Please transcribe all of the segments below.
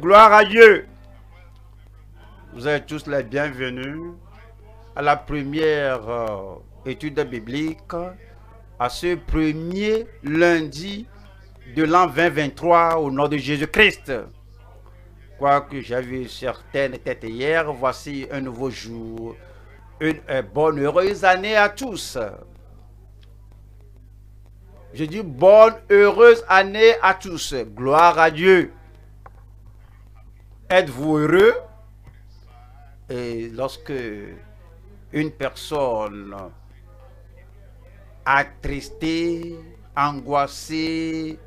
Gloire à Dieu. Vous êtes tous les bienvenus à la première euh, étude biblique, à ce premier lundi de l'an 2023 au nom de Jésus-Christ. Quoique j'avais certaines têtes hier, voici un nouveau jour, une euh, bonne heureuse année à tous. Je dis bonne heureuse année à tous. Gloire à Dieu. Êtes-vous heureux Et lorsque une personne attristée, angoissée,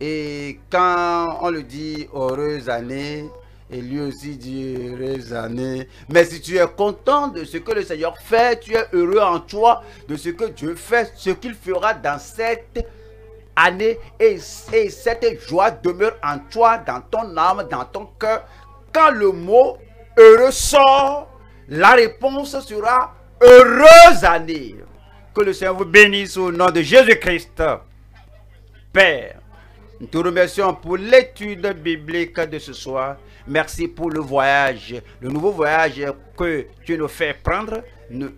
et quand on le dit heureuse année, et lui aussi dit heureuse année. Mais si tu es content de ce que le Seigneur fait, tu es heureux en toi, de ce que Dieu fait, ce qu'il fera dans cette année et, cette joie demeure en toi, dans ton âme, dans ton cœur. Quand le mot heureux sort, la réponse sera heureuse année. Que le Seigneur vous bénisse au nom de Jésus-Christ. Père, nous te remercions pour l'étude biblique de ce soir. Merci pour le voyage, le nouveau voyage que tu nous fais prendre.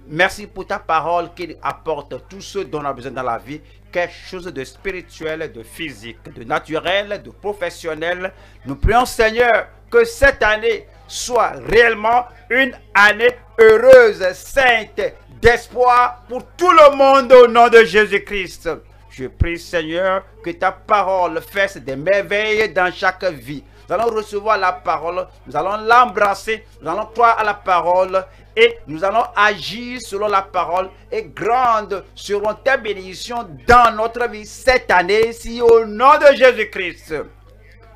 Merci pour ta parole qui apporte tout ce dont on a besoin dans la vie quelque chose de spirituel, de physique, de naturel, de professionnel. Nous prions Seigneur que cette année soit réellement une année heureuse, sainte, d'espoir pour tout le monde au nom de Jésus-Christ. Je prie Seigneur que ta parole fasse des merveilles dans chaque vie. Nous allons recevoir la parole, nous allons l'embrasser, nous allons croire à la parole et nous allons agir selon la parole et grandes seront tes bénédictions dans notre vie cette année, ici au nom de Jésus-Christ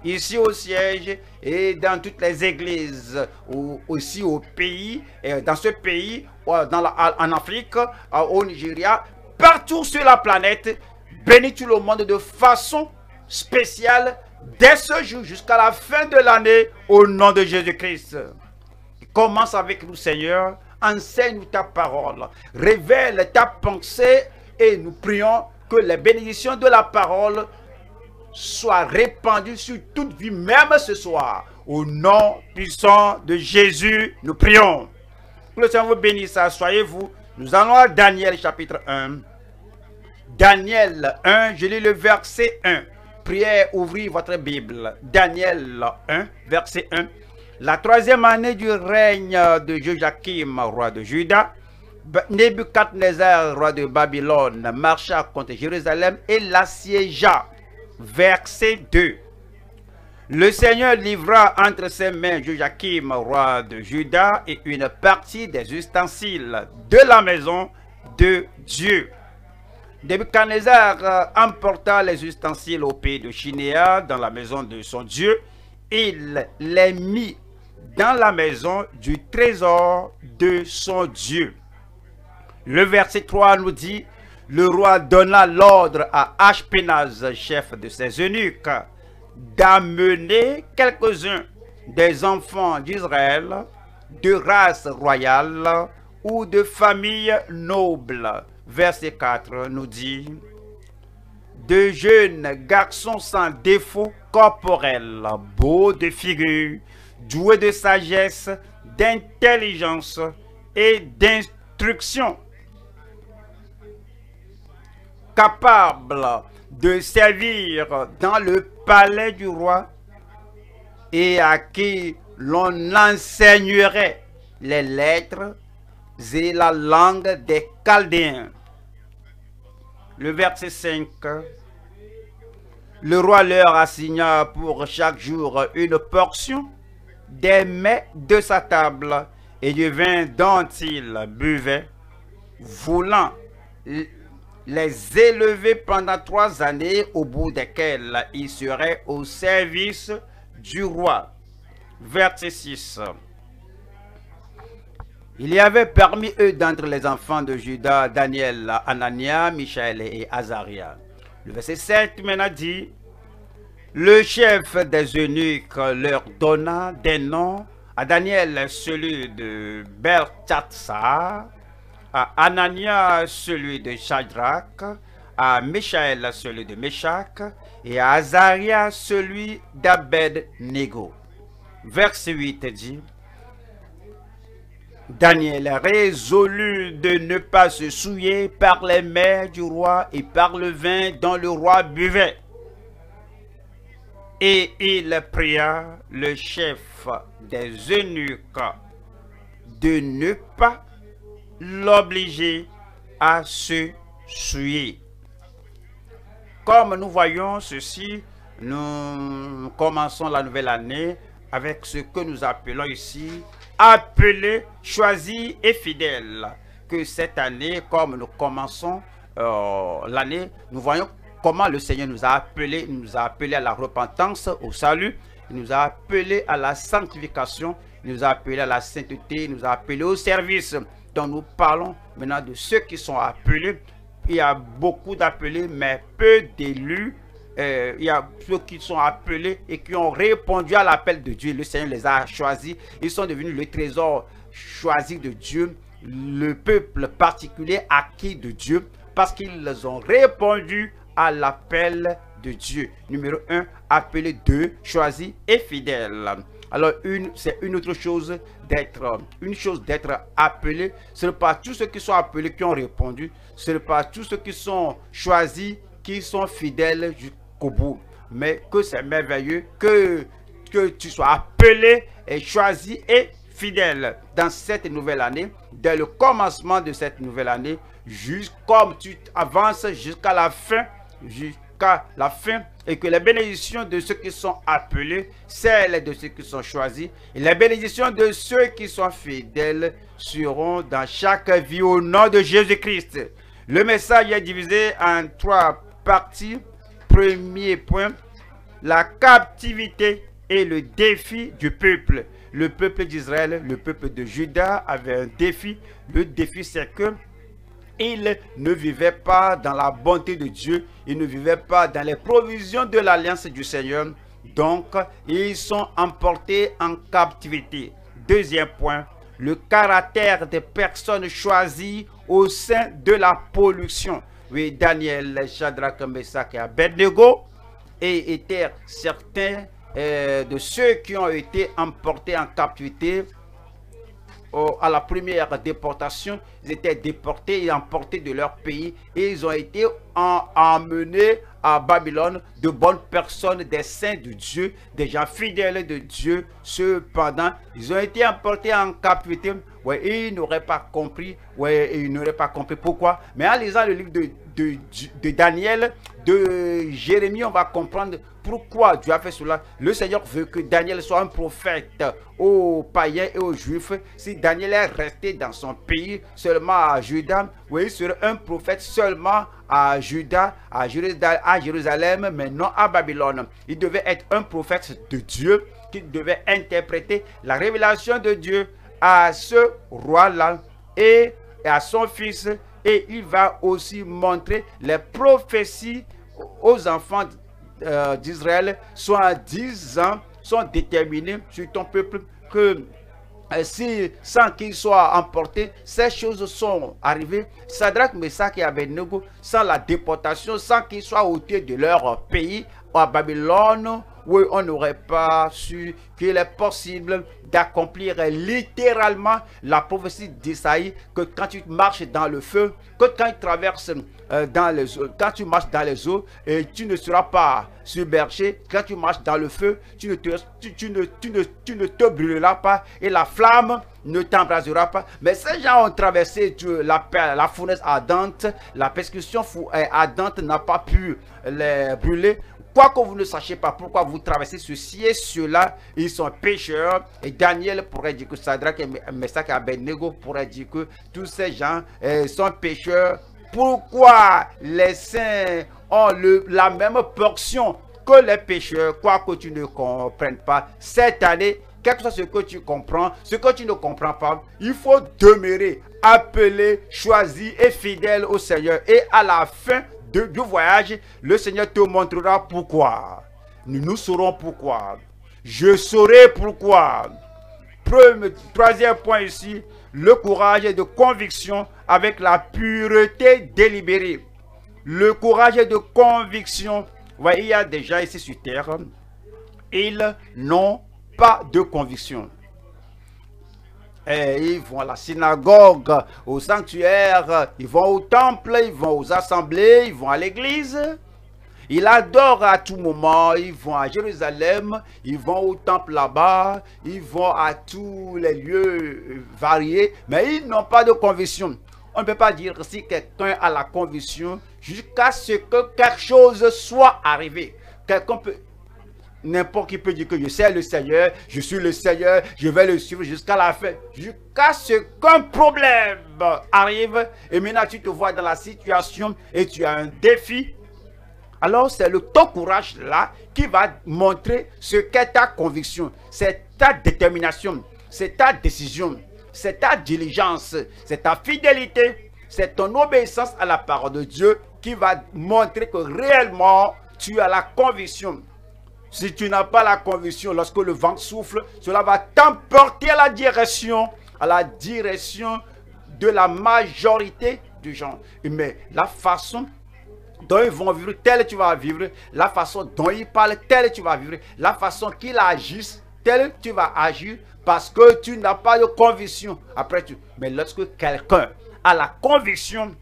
ici au siège et dans toutes les églises, ou aussi au pays, dans ce pays, dans en Afrique, au Nigeria, partout sur la planète. Bénis tout le monde de façon spéciale dès ce jour jusqu'à la fin de l'année au nom de Jésus-Christ. Commence avec nous, Seigneur. Enseigne-nous ta parole. Révèle ta pensée et nous prions que les bénédictions de la parole soient répandues sur toute vie, même ce soir. Au nom puissant de Jésus, nous prions. Que le Seigneur vous bénisse. Soyez-vous. Nous allons à Daniel chapitre 1. Daniel 1, je lis le verset 1 prière, ouvrez votre Bible. Daniel 1, verset 1. La troisième année du règne de Joachim, roi de Juda, Nebuchadnezzar, roi de Babylone, marcha contre Jérusalem et l'assiégea. Verset 2. Le Seigneur livra entre ses mains Joachim, roi de Juda, et une partie des ustensiles de la maison de Dieu. Nebuchadnezzar euh, emporta les ustensiles au pays de Chinéa, dans la maison de son Dieu. Il les mit dans la maison du trésor de son Dieu. Le verset 3 nous dit, le roi donna l'ordre à Ashpenaz, chef de ses eunuques, d'amener quelques-uns des enfants d'Israël de race royale ou de famille noble verset 4 nous dit, de jeunes garçons sans défaut corporel, beaux de figure, doués de sagesse, d'intelligence et d'instruction, capables de servir dans le palais du roi et à qui l'on enseignerait les lettres, et la langue des Chaldéens. Le verset 5. Le roi leur assigna pour chaque jour une portion des mets de sa table et du vin dont ils buvaient, voulant les élever pendant trois années au bout desquelles ils seraient au service du roi. Verset 6. Il y avait parmi eux d'entre les enfants de Judas, Daniel, Anania, Michaël et Azaria. Le verset 7 maintenant dit, Le chef des eunuques leur donna des noms à Daniel, celui de Berthatsa, à Anania, celui de Shadrach, à Michaël, celui de Meshach, et à Azaria, celui d'Abed-Nego. Verset 8 dit, Daniel résolu de ne pas se souiller par les mains du roi et par le vin dont le roi buvait. Et il pria le chef des eunuques de ne pas l'obliger à se souiller. Comme nous voyons ceci, nous commençons la nouvelle année avec ce que nous appelons ici appelé, choisi et fidèle Que cette année, comme nous commençons euh, l'année, nous voyons comment le Seigneur nous a appelés. nous a appelés à la repentance, au salut. Il nous a appelés à la sanctification. nous a appelés à la sainteté. nous a appelés au service. Donc nous parlons maintenant de ceux qui sont appelés. Il y a beaucoup d'appelés, mais peu d'élus euh, il y a ceux qui sont appelés et qui ont répondu à l'appel de Dieu. Le Seigneur les a choisis. Ils sont devenus le trésor choisi de Dieu, le peuple particulier acquis de Dieu, parce qu'ils ont répondu à l'appel de Dieu. Numéro 1, appelé 2, choisi et fidèle. Alors, une, c'est une autre chose d'être, une chose d'être appelé. Ce n'est pas tous ceux qui sont appelés qui ont répondu. Ce n'est pas tous ceux qui sont choisis, qui sont fidèles bout. Mais que c'est merveilleux que, que tu sois appelé et choisi et fidèle dans cette nouvelle année, dès le commencement de cette nouvelle année, jusqu'à tu avances jusqu'à la fin, jusqu'à la fin, et que les bénédictions de ceux qui sont appelés, celles de ceux qui sont choisis, et les bénédictions de ceux qui sont fidèles seront dans chaque vie au nom de Jésus-Christ. Le message est divisé en trois parties premier point, la captivité et le défi du peuple. Le peuple d'Israël, le peuple de Juda avait un défi. Le défi, c'est que ne vivaient pas dans la bonté de Dieu, Ils ne vivaient pas dans les provisions de l'alliance du Seigneur. Donc, ils sont emportés en captivité. Deuxième point, le caractère des personnes choisies au sein de la pollution oui, Daniel, Shadrach, Meshach et Abednego, et étaient certains euh, de ceux qui ont été emportés en captivité à la première déportation. Ils étaient déportés et emportés de leur pays et ils ont été en, emmenés à Babylone de bonnes personnes, des saints de Dieu, des gens fidèles de Dieu. Cependant, ils ont été emportés en captivité Ouais, ils n'auraient pas compris. Ouais, ils n'auraient pas compris pourquoi. Mais en lisant le livre de, de, de Daniel, de Jérémie, on va comprendre pourquoi Dieu a fait cela. Le Seigneur veut que Daniel soit un prophète aux païens et aux juifs. Si Daniel est resté dans son pays, seulement à Juda, oui, il serait un prophète seulement à Judas, à Jérusalem, mais non à Babylone. Il devait être un prophète de Dieu qui devait interpréter la révélation de Dieu à ce roi-là et à son fils, et il va aussi montrer les prophéties aux enfants euh, d'Israël, soit 10 ans, sont déterminés sur ton peuple, que euh, si, sans qu'ils soient emportés, ces choses sont arrivées. Sadrach, Messach et Abednego, sans la déportation, sans qu'ils soient ôtés de leur pays, à Babylone, où on n'aurait pas su qu'il est possible d'accomplir littéralement la prophétie d'Isaïe que quand tu marches dans le feu, que quand tu traverses euh, dans les eaux, quand tu marches dans les eaux, et tu ne seras pas submergé. Quand tu marches dans le feu, tu ne te, tu, ne, tu ne, tu ne te brûleras pas et la flamme ne t'embrasera pas. Mais ces gens ont traversé la, la fournaise ardente, la persécution euh, ardente n'a pas pu les brûler Quoi que vous ne sachiez pas pourquoi vous traversez ceci et cela, ils sont pécheurs. Et Daniel pourrait dire que Sadrach et Messach et Abednego pourrait dire que tous ces gens eh, sont pécheurs. Pourquoi les saints ont la même portion que les pécheurs, quoi que tu ne comprennes pas cette année, quel soit ce que tu comprends, ce que tu ne comprends pas, il faut demeurer appelé, choisi et fidèle au Seigneur. Et à la fin, du voyage, le Seigneur te montrera pourquoi. Nous, nous saurons pourquoi. Je saurai pourquoi. troisième point ici, le courage et de conviction avec la pureté délibérée. Le courage de conviction. Voyez, il y a déjà ici sur terre, ils n'ont pas de conviction. Eh, ils vont à la synagogue, au sanctuaire, ils vont au temple, ils vont aux assemblées, ils vont à l'église. Ils adorent à tout moment, ils vont à Jérusalem, ils vont au temple là-bas, ils vont à tous les lieux variés, mais ils n'ont pas de conviction. On ne peut pas dire si quelqu'un a la conviction jusqu'à ce que quelque chose soit arrivé. Quelqu'un peut N'importe qui peut dire que je sais le Seigneur, je suis le Seigneur, je vais le suivre jusqu'à la fin, jusqu'à ce qu'un problème arrive et maintenant tu te vois dans la situation et tu as un défi. Alors c'est le ton courage là qui va montrer ce qu'est ta conviction, c'est ta détermination, c'est ta décision, c'est ta diligence, c'est ta fidélité, c'est ton obéissance à la parole de Dieu qui va montrer que réellement tu as la conviction si tu n'as pas la conviction, lorsque le vent souffle, cela va t'emporter à la direction, à la direction de la majorité du gens. Mais la façon dont ils vont vivre, telle tu vas vivre, la façon dont ils parlent, telle tu vas vivre, la façon qu'ils agissent, telle tu vas agir, parce que tu n'as pas de conviction. Après, tu... Mais lorsque quelqu'un a la conviction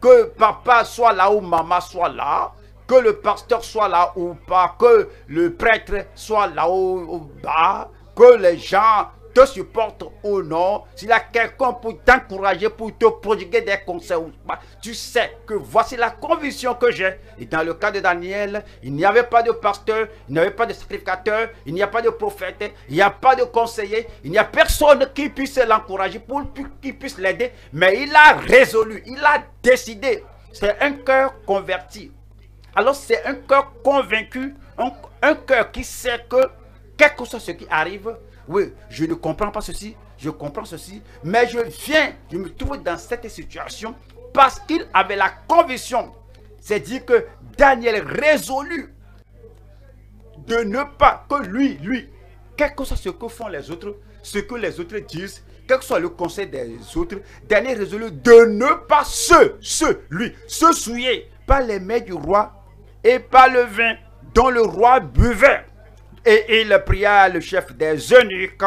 que papa soit là ou maman soit là, que le pasteur soit là ou pas, que le prêtre soit là ou pas, que les gens te supportent ou non, s'il y a quelqu'un pour t'encourager, pour te prodiguer des conseils ou pas, tu sais que voici la conviction que j'ai. Et dans le cas de Daniel, il n'y avait pas de pasteur, il n'y avait pas de sacrificateur, il n'y a pas de prophète, il n'y a pas de conseiller, il n'y a personne qui puisse l'encourager, pour qui puisse l'aider. Mais il a résolu, il a décidé. C'est un cœur converti. Alors c'est un cœur convaincu, un, cœur qui sait que, quelque que soit ce qui arrive, oui, je ne comprends pas ceci, je comprends ceci, mais je viens, je me trouve dans cette situation parce qu'il avait la conviction. C'est dire que Daniel résolu de ne pas que lui, lui, quel que soit ce que font les autres, ce que les autres disent, quel que soit le conseil des autres, Daniel résolu de ne pas se, se, lui, se souiller par les mains du roi et pas le vin dont le roi buvait. Et il pria le chef des eunuques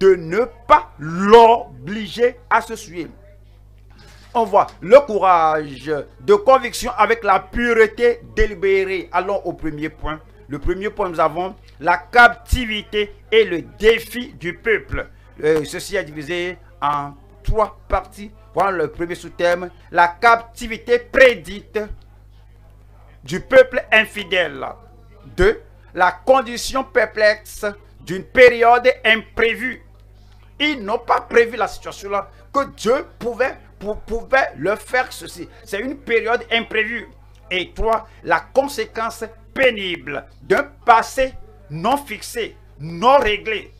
de ne pas l'obliger à se suivre. On voit le courage de conviction avec la pureté délibérée. Allons au premier point. Le premier point, nous avons la captivité et le défi du peuple. Euh, ceci est divisé en trois parties. Voilà le premier sous-thème. La captivité prédite du peuple infidèle. 2. La condition perplexe d'une période imprévue. Ils n'ont pas prévu la situation-là, que Dieu pouvait, pouvait leur faire ceci. C'est une période imprévue. Et trois, La conséquence pénible d'un passé non fixé, non réglé.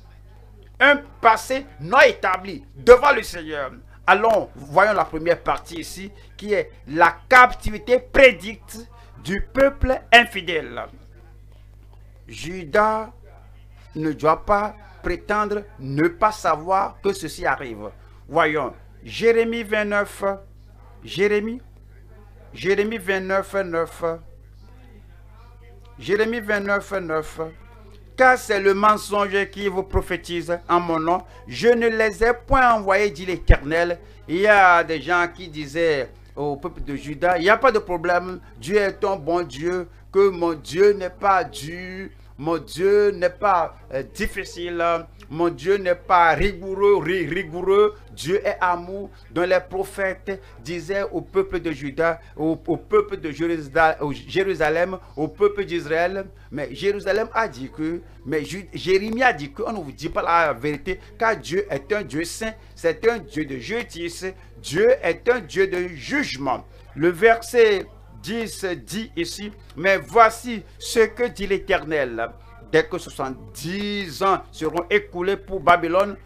Un passé non établi devant le Seigneur. Allons, voyons la première partie ici, qui est la captivité prédite du peuple infidèle. Judas ne doit pas prétendre ne pas savoir que ceci arrive. Voyons, Jérémie 29, Jérémie, Jérémie 29, 9, Jérémie 29, 9, car c'est le mensonge qui vous prophétise en mon nom. Je ne les ai point envoyés, dit l'Éternel. Il y a des gens qui disaient, au peuple de Juda, il n'y a pas de problème. Dieu est ton bon Dieu, que mon Dieu n'est pas dur, mon Dieu n'est pas euh, difficile, mon Dieu n'est pas rigoureux, rigoureux. Dieu est amour. Donc les prophètes disaient au peuple de Juda, au, peuple de Jérusalem, au peuple d'Israël. Mais Jérusalem a dit que, mais Jérémie a dit On ne vous dit pas la vérité, car Dieu est un Dieu saint, c'est un Dieu de justice, Dieu est un Dieu de jugement. Le verset 10 dit ici, mais voici ce que dit l'Éternel. Dès que 70 ans seront écoulés pour Babylone,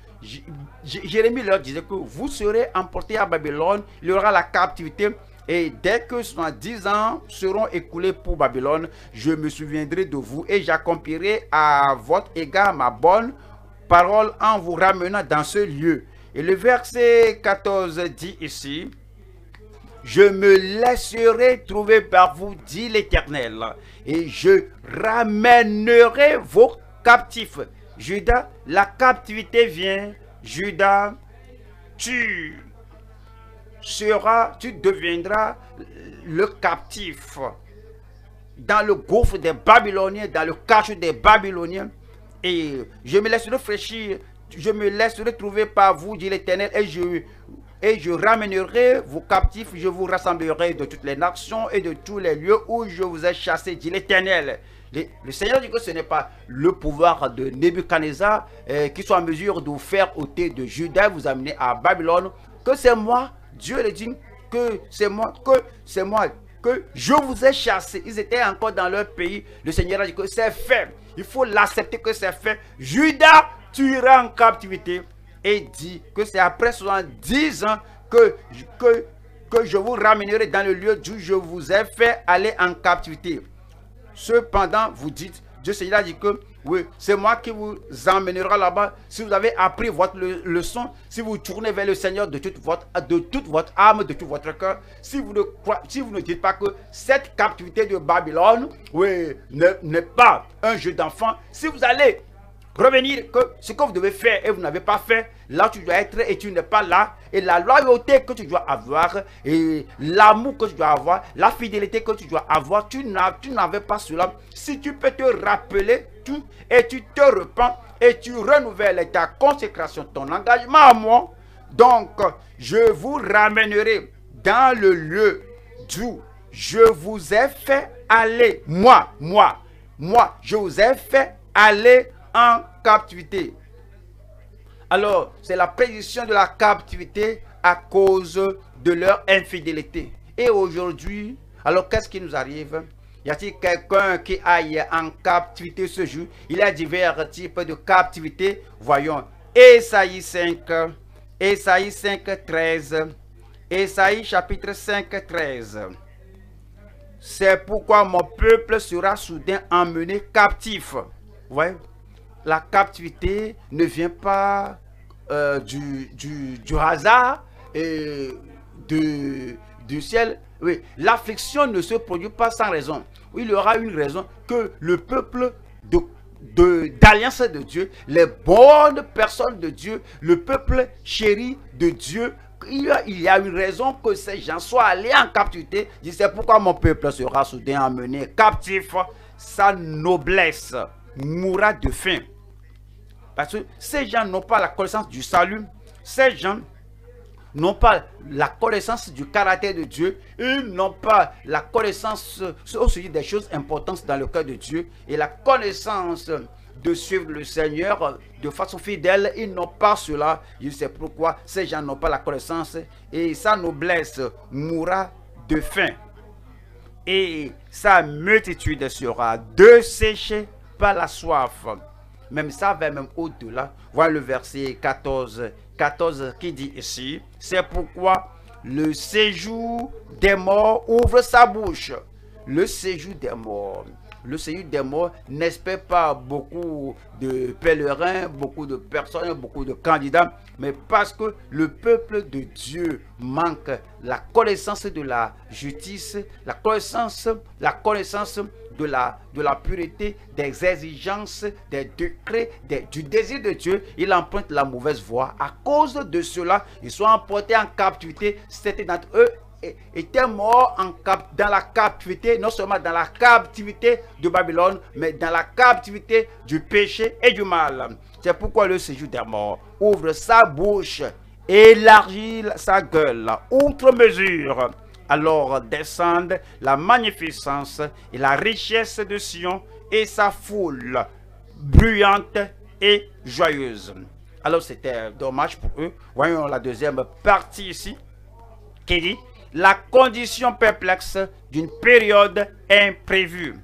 Jérémie leur disait que vous serez emportés à Babylone, il y aura la captivité. Et dès que 70 ans seront écoulés pour Babylone, je me souviendrai de vous et j'accomplirai à votre égard ma bonne parole en vous ramenant dans ce lieu. Et le verset 14 dit ici, je me laisserai trouver par vous, dit l'Éternel, et je ramènerai vos captifs. Judas, la captivité vient. Judas, tu seras, tu deviendras le captif dans le gouffre des Babyloniens, dans le cache des Babyloniens. Et je me laisse réfléchir je me laisserai retrouver par vous, dit l'Éternel, et je, et je ramènerai vos captifs, je vous rassemblerai de toutes les nations et de tous les lieux où je vous ai chassés, dit l'Éternel. Le, Seigneur dit que ce n'est pas le pouvoir de Nebuchadnezzar euh, qui soit en mesure de vous faire ôter de Juda vous amener à Babylone, que c'est moi, Dieu le dit, que c'est moi, que c'est moi, que je vous ai chassés. Ils étaient encore dans leur pays. Le Seigneur a dit que c'est fait. Il faut l'accepter que c'est fait. Juda tu iras en captivité et dit que c'est après 70 ans que, que, que je vous ramènerai dans le lieu d'où je vous ai fait aller en captivité. Cependant, vous dites, Dieu Seigneur a dit que oui, c'est moi qui vous emmènera là-bas. Si vous avez appris votre leçon, si vous tournez vers le Seigneur de toute votre, de toute votre âme, de tout votre cœur, si vous ne si vous ne dites pas que cette captivité de Babylone, oui, n'est pas un jeu d'enfant, si vous allez revenir que ce que vous devez faire et vous n'avez pas fait, là tu dois être et tu n'es pas là. Et la loyauté que tu dois avoir, et l'amour que tu dois avoir, la fidélité que tu dois avoir, tu n'avais pas cela. Si tu peux te rappeler tout et tu te repens et tu renouvelles ta consécration, ton engagement à moi, donc je vous ramènerai dans le lieu d'où je vous ai fait aller. Moi, moi, moi, je vous ai fait aller en captivité. Alors, c'est la prédiction de la captivité à cause de leur infidélité. Et aujourd'hui, alors qu'est-ce qui nous arrive Y a-t-il quelqu'un qui aille en captivité ce jour Il y a divers types de captivité. Voyons, Esaïe 5, Esaïe 5, 13, Esaïe chapitre 5, 13. C'est pourquoi mon peuple sera soudain emmené captif. Vous voyez la captivité ne vient pas euh, du, du, hasard et de, du ciel. Oui, l'affliction ne se produit pas sans raison. Il y aura une raison que le peuple d'alliance de, de Dieu, les bonnes personnes de Dieu, le peuple chéri de Dieu, il y, a, une raison que ces gens soient allés en captivité. C'est pourquoi mon peuple sera soudain amené captif. Sa noblesse mourra de faim. Parce que ces gens n'ont pas la connaissance du salut. Ces gens n'ont pas la connaissance du caractère de Dieu. Ils n'ont pas la connaissance aussi des choses importantes dans le cœur de Dieu. Et la connaissance de suivre le Seigneur de façon fidèle. Ils n'ont pas cela. Je sais pourquoi ces gens n'ont pas la connaissance. Et sa noblesse mourra de faim. Et sa multitude sera desséchée par la soif même ça va même au-delà. Voilà le verset 14, 14 qui dit ici, c'est pourquoi le séjour des morts ouvre sa bouche. Le séjour des morts. Le séjour des morts n'espère pas beaucoup de pèlerins, beaucoup de personnes, beaucoup de candidats, mais parce que le peuple de Dieu manque la connaissance de la justice, la connaissance, la connaissance de la, de la pureté, des exigences, des décrets, des, du désir de Dieu, il emprunte la mauvaise voie. À cause de cela, ils sont emportés en captivité. C'était d'entre eux étaient morts en cap, dans la captivité, non seulement dans la captivité de Babylone, mais dans la captivité du péché et du mal. C'est pourquoi le séjour des morts ouvre sa bouche, élargit sa gueule, outre mesure alors descendent la magnificence et la richesse de Sion et sa foule bruyante et joyeuse. Alors c'était dommage pour eux. Voyons la deuxième partie ici qui dit la condition perplexe d'une période imprévue.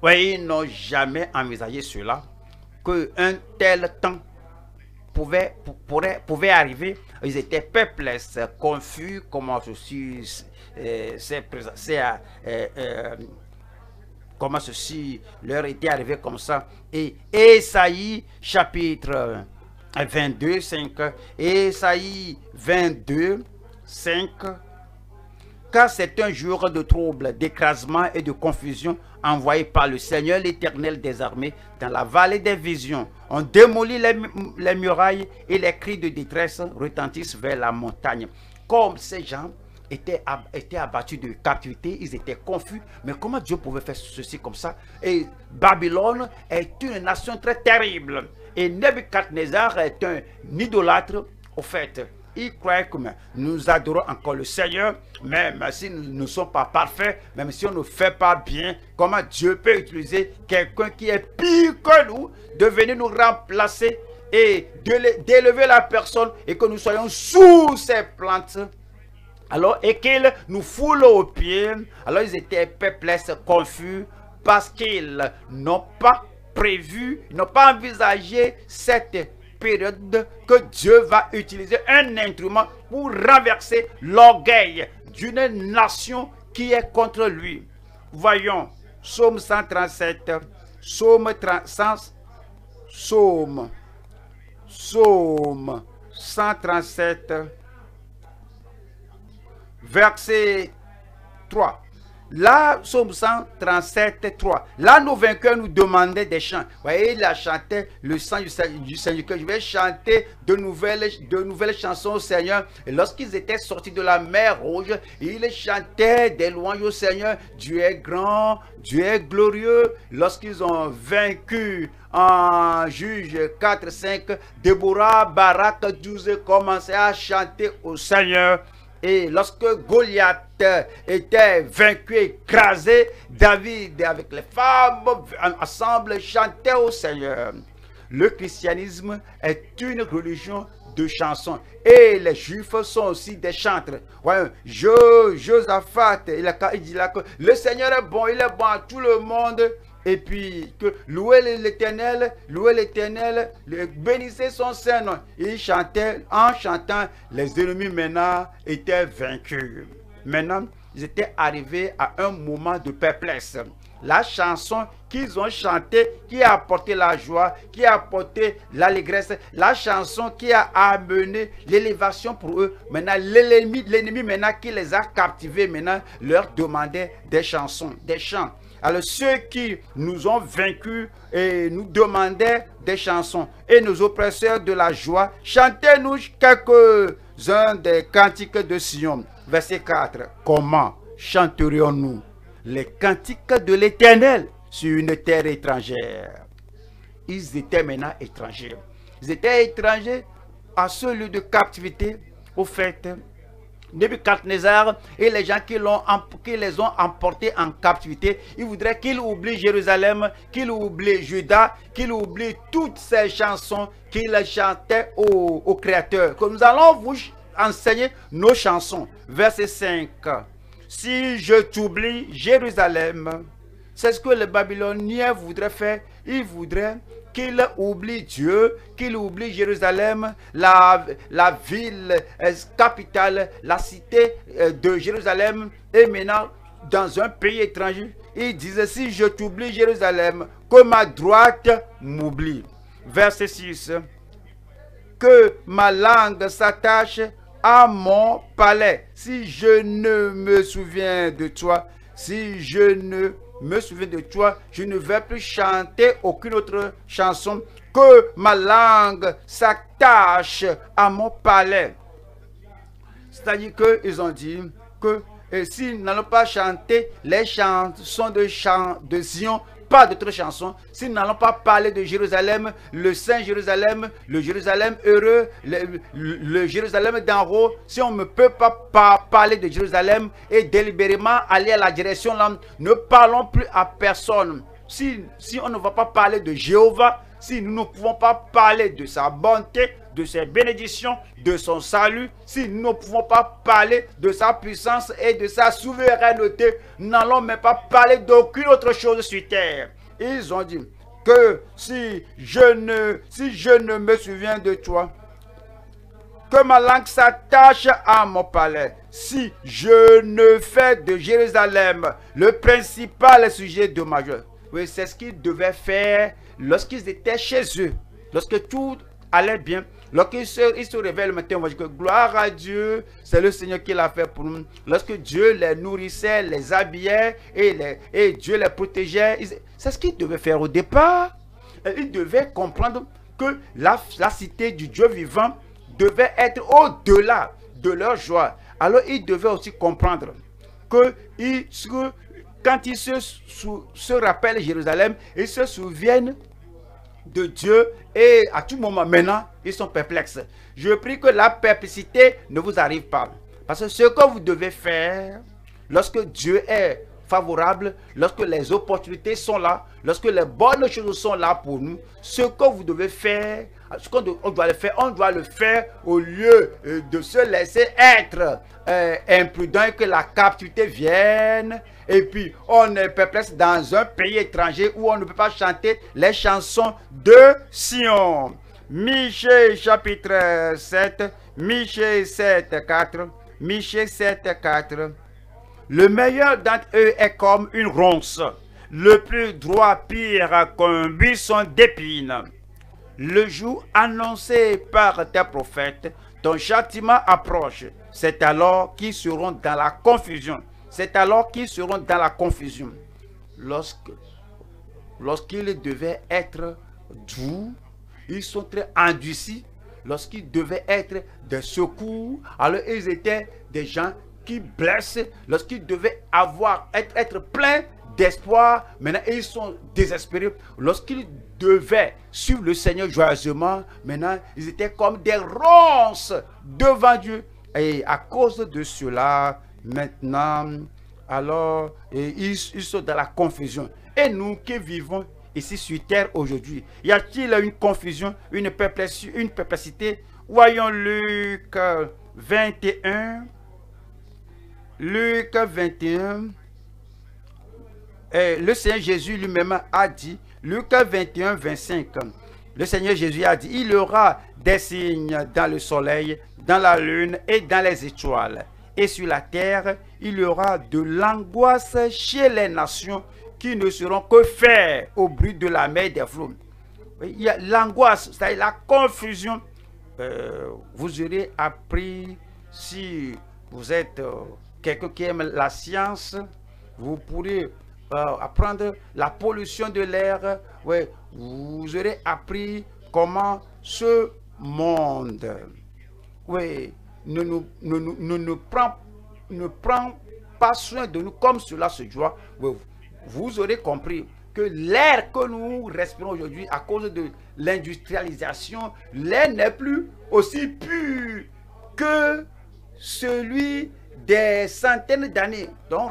voyez, ils n'ont jamais envisagé cela, qu'un tel temps pouvait, pourrait, arriver. Ils étaient perplexes, confus, comment je suis c'est euh, euh, euh, comment ceci leur était arrivé comme ça. Et Esaïe chapitre 22, 5, Esaïe 22, 5, car c'est un jour de trouble, d'écrasement et de confusion envoyé par le Seigneur l'Éternel des armées dans la vallée des visions. On démolit les, les murailles et les cris de détresse retentissent vers la montagne. Comme ces gens étaient, étaient abattus de captivité, ils étaient confus. Mais comment Dieu pouvait faire ceci comme ça Et Babylone est une nation très terrible. Et Nebuchadnezzar est un idolâtre, au fait. Il croyait que nous adorons encore le Seigneur, même si nous ne sommes pas parfaits, même si on ne fait pas bien, comment Dieu peut utiliser quelqu'un qui est pire que nous, de venir nous remplacer et d'élever la personne et que nous soyons sous ses plantes alors, et qu'ils nous foulent aux pieds. Alors, ils étaient perplexes, confus, parce qu'ils n'ont pas prévu, n'ont pas envisagé cette période que Dieu va utiliser un instrument pour renverser l'orgueil d'une nation qui est contre lui. Voyons, psaume 137, psaume 137, psaume, psaume 137, verset 3. Là, psaume 137, 3. Là, nos vainqueurs nous demandaient des chants. Vous voyez, il a chanté le sang du Seigneur. Je vais chanter de nouvelles, de nouvelles chansons au Seigneur. Lorsqu'ils étaient sortis de la mer rouge, ils chantaient des louanges au Seigneur. Dieu est grand, Dieu est glorieux. Lorsqu'ils ont vaincu en juge 4, 5, Déborah, Barak, 12 commençaient à chanter au Seigneur et lorsque Goliath était vaincu, écrasé, David avec les femmes ensemble chantait au Seigneur. Le christianisme est une religion de chansons. Et les juifs sont aussi des chantres. Ouais, Josaphat, il, a, dit là que le Seigneur est bon, il est bon à tout le monde et puis que louez l'Éternel, louez l'Éternel, bénissez son sein. Ils chantait en chantant, les ennemis maintenant étaient vaincus. Maintenant, ils étaient arrivés à un moment de perplexe. La chanson qu'ils ont chantée, qui a apporté la joie, qui a apporté l'allégresse, la chanson qui a amené l'élévation pour eux. Maintenant, l'ennemi, l'ennemi maintenant qui les a captivés, maintenant, leur demandait des chansons, des chants. Alors ceux qui nous ont vaincus et nous demandaient des chansons et nos oppresseurs de la joie, chantez-nous quelques-uns des cantiques de Sion. Verset 4. Comment chanterions-nous les cantiques de l'Éternel sur une terre étrangère Ils étaient maintenant étrangers. Ils étaient étrangers à ce lieu de captivité, au fait, Nebuchadnezzar et les gens qui, les ont emportés en captivité. Il voudrait qu'il oublie Jérusalem, qu'il oublie Judas, qu'il oublie toutes ces chansons qu'il chantait au, au Créateur. Que nous allons vous enseigner nos chansons. Verset 5. Si je t'oublie, Jérusalem, c'est ce que les Babyloniens voudraient faire. Ils voudraient qu'il oublie Dieu, qu'il oublie Jérusalem, la, la ville euh, capitale, la cité euh, de Jérusalem, et maintenant dans un pays étranger. Il disait, si je t'oublie Jérusalem, que ma droite m'oublie. Verset 6. Que ma langue s'attache à mon palais. Si je ne me souviens de toi, si je ne me souviens de toi. Je ne vais plus chanter aucune autre chanson que ma langue s'attache à mon palais. C'est-à-dire qu'ils ont dit que et eh, s'ils n'allons pas chanter les chansons de, chant de Zion, d'autres chansons si nous n'allons pas parler de Jérusalem, le Saint Jérusalem, le Jérusalem heureux, le, Jérusalem d'en haut. Si on ne peut pas parler de Jérusalem et délibérément aller à la direction là, ne parlons plus à personne. Si, si on ne va pas parler de Jéhovah, si nous ne pouvons pas parler de sa bonté, de ses bénédictions, de son salut, si nous ne pouvons pas parler de sa puissance et de sa souveraineté, n'allons même pas parler d'aucune autre chose sur terre. Ils ont dit que si je ne, si je ne me souviens de toi, que ma langue s'attache à mon palais. Si je ne fais de Jérusalem le principal sujet de ma vie. Oui, c'est ce qu'ils devaient faire lorsqu'ils étaient chez eux, lorsque tout allait bien, lorsqu'ils se, ils se réveillent le matin, on va dire que gloire à Dieu, c'est le Seigneur qui l'a fait pour nous. Lorsque Dieu les nourrissait, les habillait et, Dieu les protégeait, c'est ce qu'ils devaient faire au départ. ils devaient comprendre que la, cité du Dieu vivant devait être au-delà de leur joie. Alors ils devaient aussi comprendre que quand ils se, se rappellent Jérusalem, ils se souviennent de Dieu et à tout moment maintenant, ils sont perplexes. Je prie que la perplexité ne vous arrive pas. Parce que ce que vous devez faire, lorsque Dieu est favorable, lorsque les opportunités sont là, lorsque les bonnes choses sont là pour nous, ce que vous devez faire ce doit le faire, on doit le faire au lieu euh, de se laisser être euh, imprudent et que la captivité vienne. Et puis, on est perplexe dans un pays étranger où on ne peut pas chanter les chansons de Sion. Michée chapitre 7, Michée 7, 4, Michée 7, 4. Le meilleur d'entre eux est comme une ronce, le plus droit pire qu'un buisson d'épines le jour annoncé par tes prophètes, ton châtiment approche. C'est alors qu'ils seront dans la confusion. C'est alors qu'ils seront dans la confusion. Lorsque, lorsqu'ils devaient être doux, ils sont très endurcis. Lorsqu'ils devaient être des secours, alors ils étaient des gens qui blessent. Lorsqu'ils devaient avoir, être, être pleins d'espoir, maintenant ils sont désespérés. Lorsqu'ils devaient suivre le Seigneur joyeusement, maintenant, ils étaient comme des ronces devant Dieu. Et à cause de cela, maintenant, alors, et ils, sont dans la confusion. Et nous qui vivons ici sur terre aujourd'hui, y a-t-il une confusion, une perplexité, une perplexité Voyons Luc 21. Luc 21. Et le Seigneur Jésus lui-même a dit Luc 21, 25. Le Seigneur Jésus a dit, il y aura des signes dans le soleil, dans la lune et dans les étoiles. Et sur la terre, il y aura de l'angoisse chez les nations qui ne seront que faire au bruit de la mer des flots. Il y a l'angoisse, c'est-à-dire la confusion. Euh, vous aurez appris, si vous êtes euh, quelqu'un qui aime la science, vous pourrez apprendre euh, la pollution de l'air, vous aurez appris comment ce monde ne, nous, ne, prend, pas soin de nous comme cela se doit. vous aurez compris que l'air que nous respirons aujourd'hui à cause de l'industrialisation, l'air n'est plus aussi pur que celui des centaines d'années. Oh,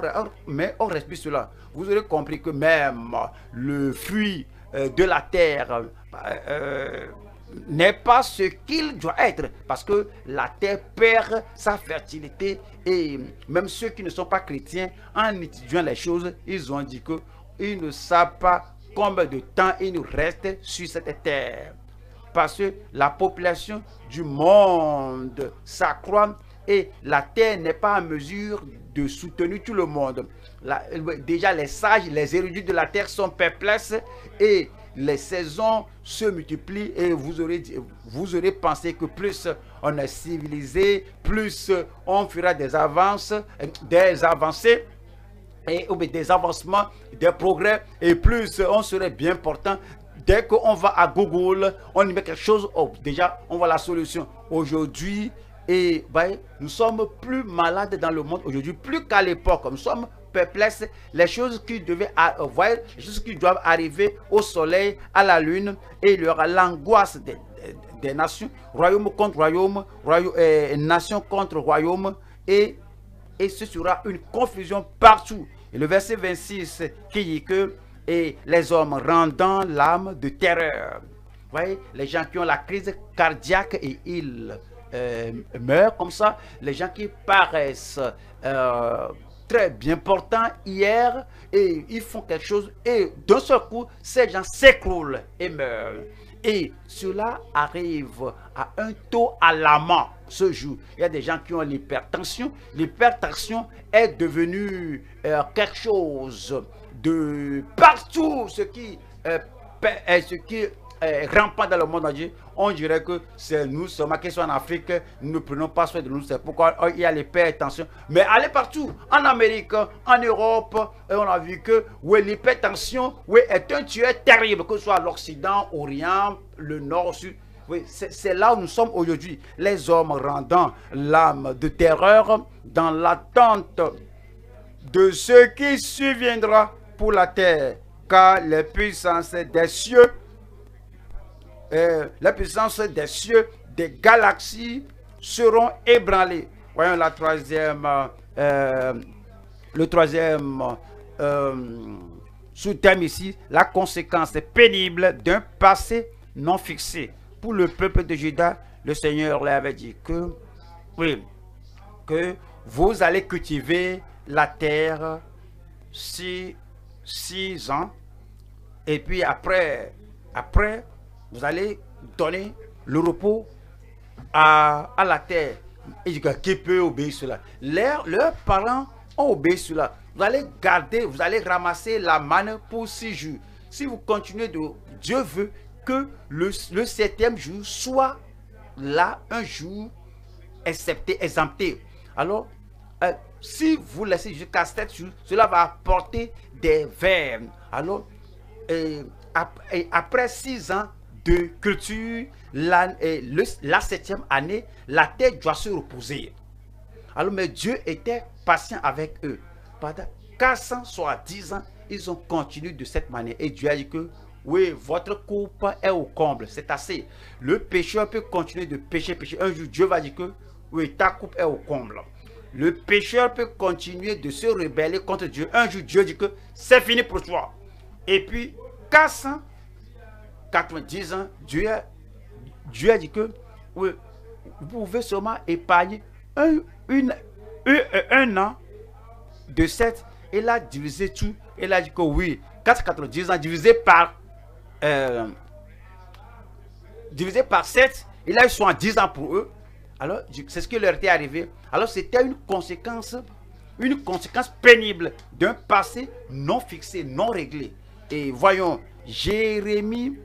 mais on respire cela. Vous aurez compris que même le fruit euh, de la terre euh, euh, n'est pas ce qu'il doit être. Parce que la terre perd sa fertilité. Et même ceux qui ne sont pas chrétiens, en étudiant les choses, ils ont dit que ils ne savent pas combien de temps il nous reste sur cette terre. Parce que la population du monde s'accroît et la terre n'est pas en mesure de soutenir tout le monde. Euh, déjà, les sages, les érudits de la terre sont perplexes et les saisons se multiplient et vous aurez, vous aurez pensé que plus on est civilisé, plus on fera des avances, des avancées et des avancements, des progrès et plus on serait bien portant. Dès qu'on va à Google, on y met quelque chose, oh, déjà on voit la solution. Aujourd'hui, et voyez, nous sommes plus malades dans le monde aujourd'hui, plus qu'à l'époque. Nous sommes perplexes. Les choses qui devaient, avoir, euh, doivent arriver au soleil, à la lune, et il y aura l'angoisse des, nations, royaume contre royaume, euh, nation contre royaume, et, et ce sera une confusion partout. Et le verset 26 qui dit que et les hommes rendant l'âme de terreur. Vous voyez, les gens qui ont la crise cardiaque et ils euh, meurent comme ça, les gens qui paraissent euh, très bien portants hier et ils font quelque chose et d'un seul coup, ces gens s'écroulent et meurent. Et cela arrive à un taux alarmant ce jour. Il y a des gens qui ont l'hypertension. L'hypertension est devenue euh, quelque chose de partout, ce qui, est, euh, ce qui eh, grand pas dans le monde entier, on dirait que c'est nous sommes qui question en Afrique, nous ne prenons pas soin de nous. C'est pourquoi oh, il y a les tensions. Mais allez partout, en Amérique, en Europe, et on a vu que oui, l'hypertension oui, est un tueur terrible, que ce soit l'Occident, l'Orient, le Nord, Le Sud. Oui, c'est là où nous sommes aujourd'hui. Les hommes rendant l'âme de terreur dans l'attente de ce qui surviendra pour la terre, car les puissances des cieux euh, la puissance des cieux, des galaxies seront ébranlées. Voyons la troisième, euh, euh, le troisième sous-thème ici, la conséquence pénible d'un passé non fixé. Pour le peuple de Juda, le Seigneur leur avait dit que, oui, que vous allez cultiver la terre six, six ans, et puis après, après vous allez donner le repos à, la terre. Et qui peut obéir cela Leurs, leurs parents ont obéi cela. Vous allez garder, vous allez ramasser la manne pour six jours. Si vous continuez de... Dieu veut que le, septième jour soit là un jour excepté, exempté. Alors, euh, si vous laissez jusqu'à cette jours, cela va apporter des verres. Alors, après six ans, de culture, la, la septième année, la terre doit se reposer. Alors, mais Dieu était patient avec eux. Pendant 10 ans, ils ont continué de cette manière. Et Dieu a dit que, oui, votre coupe est au comble, c'est assez. Le pécheur peut continuer de pécher, pécher. Un jour, Dieu va dire que, oui, ta coupe est au comble. Le pécheur peut continuer de se rebeller contre Dieu. Un jour, Dieu dit que c'est fini pour toi. Et puis, 400 90 ans, Dieu, Dieu a dit que vous pouvez seulement épargner un, une, un, an de 7. Et là, divisé tout. Et là, dit que oui, 490 ans divisé par, euh, divisé par 7. Et là, ils sont en 10 ans pour eux. Alors, c'est ce qui leur était arrivé. Alors, c'était une conséquence, une conséquence pénible d'un passé non fixé, non réglé. Et voyons, Jérémie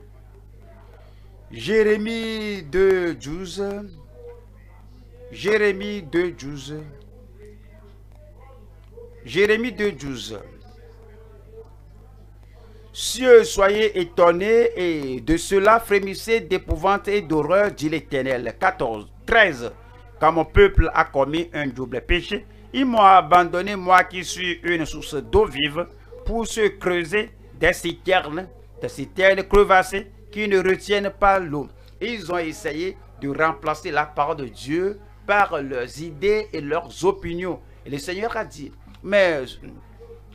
Jérémie 2, 12. Jérémie 2, 12. Jérémie 2, 12. Cieux, soyez étonnés et de cela frémissez d'épouvante et d'horreur, dit l'Éternel. 14, 13. Quand mon peuple a commis un double péché, ils m'ont abandonné, moi qui suis une source d'eau vive, pour se creuser des citernes, des citernes crevassées qui ne retiennent pas l'eau. Ils ont essayé de remplacer la parole de Dieu par leurs idées et leurs opinions. Et le Seigneur a dit, mais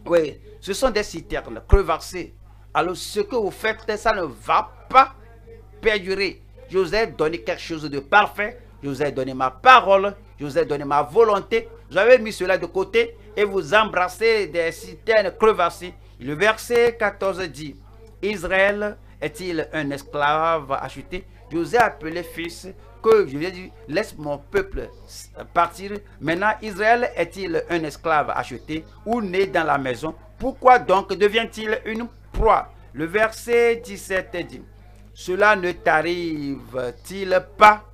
oui, ce sont des citernes crevassées. Alors ce que vous faites, ça ne va pas perdurer. Je vous ai donné quelque chose de parfait. Je vous ai donné ma parole. Je vous ai donné ma volonté. Vous avez mis cela de côté et vous embrassez des citernes crevassées. Le verset 14 dit, Israël est-il un esclave acheté Je vous ai appelé fils, que je vous ai dit, laisse mon peuple partir. Maintenant, Israël est-il un esclave acheté ou né dans la maison Pourquoi donc devient-il une proie Le verset 17 dit, Cela ne t'arrive-t-il pas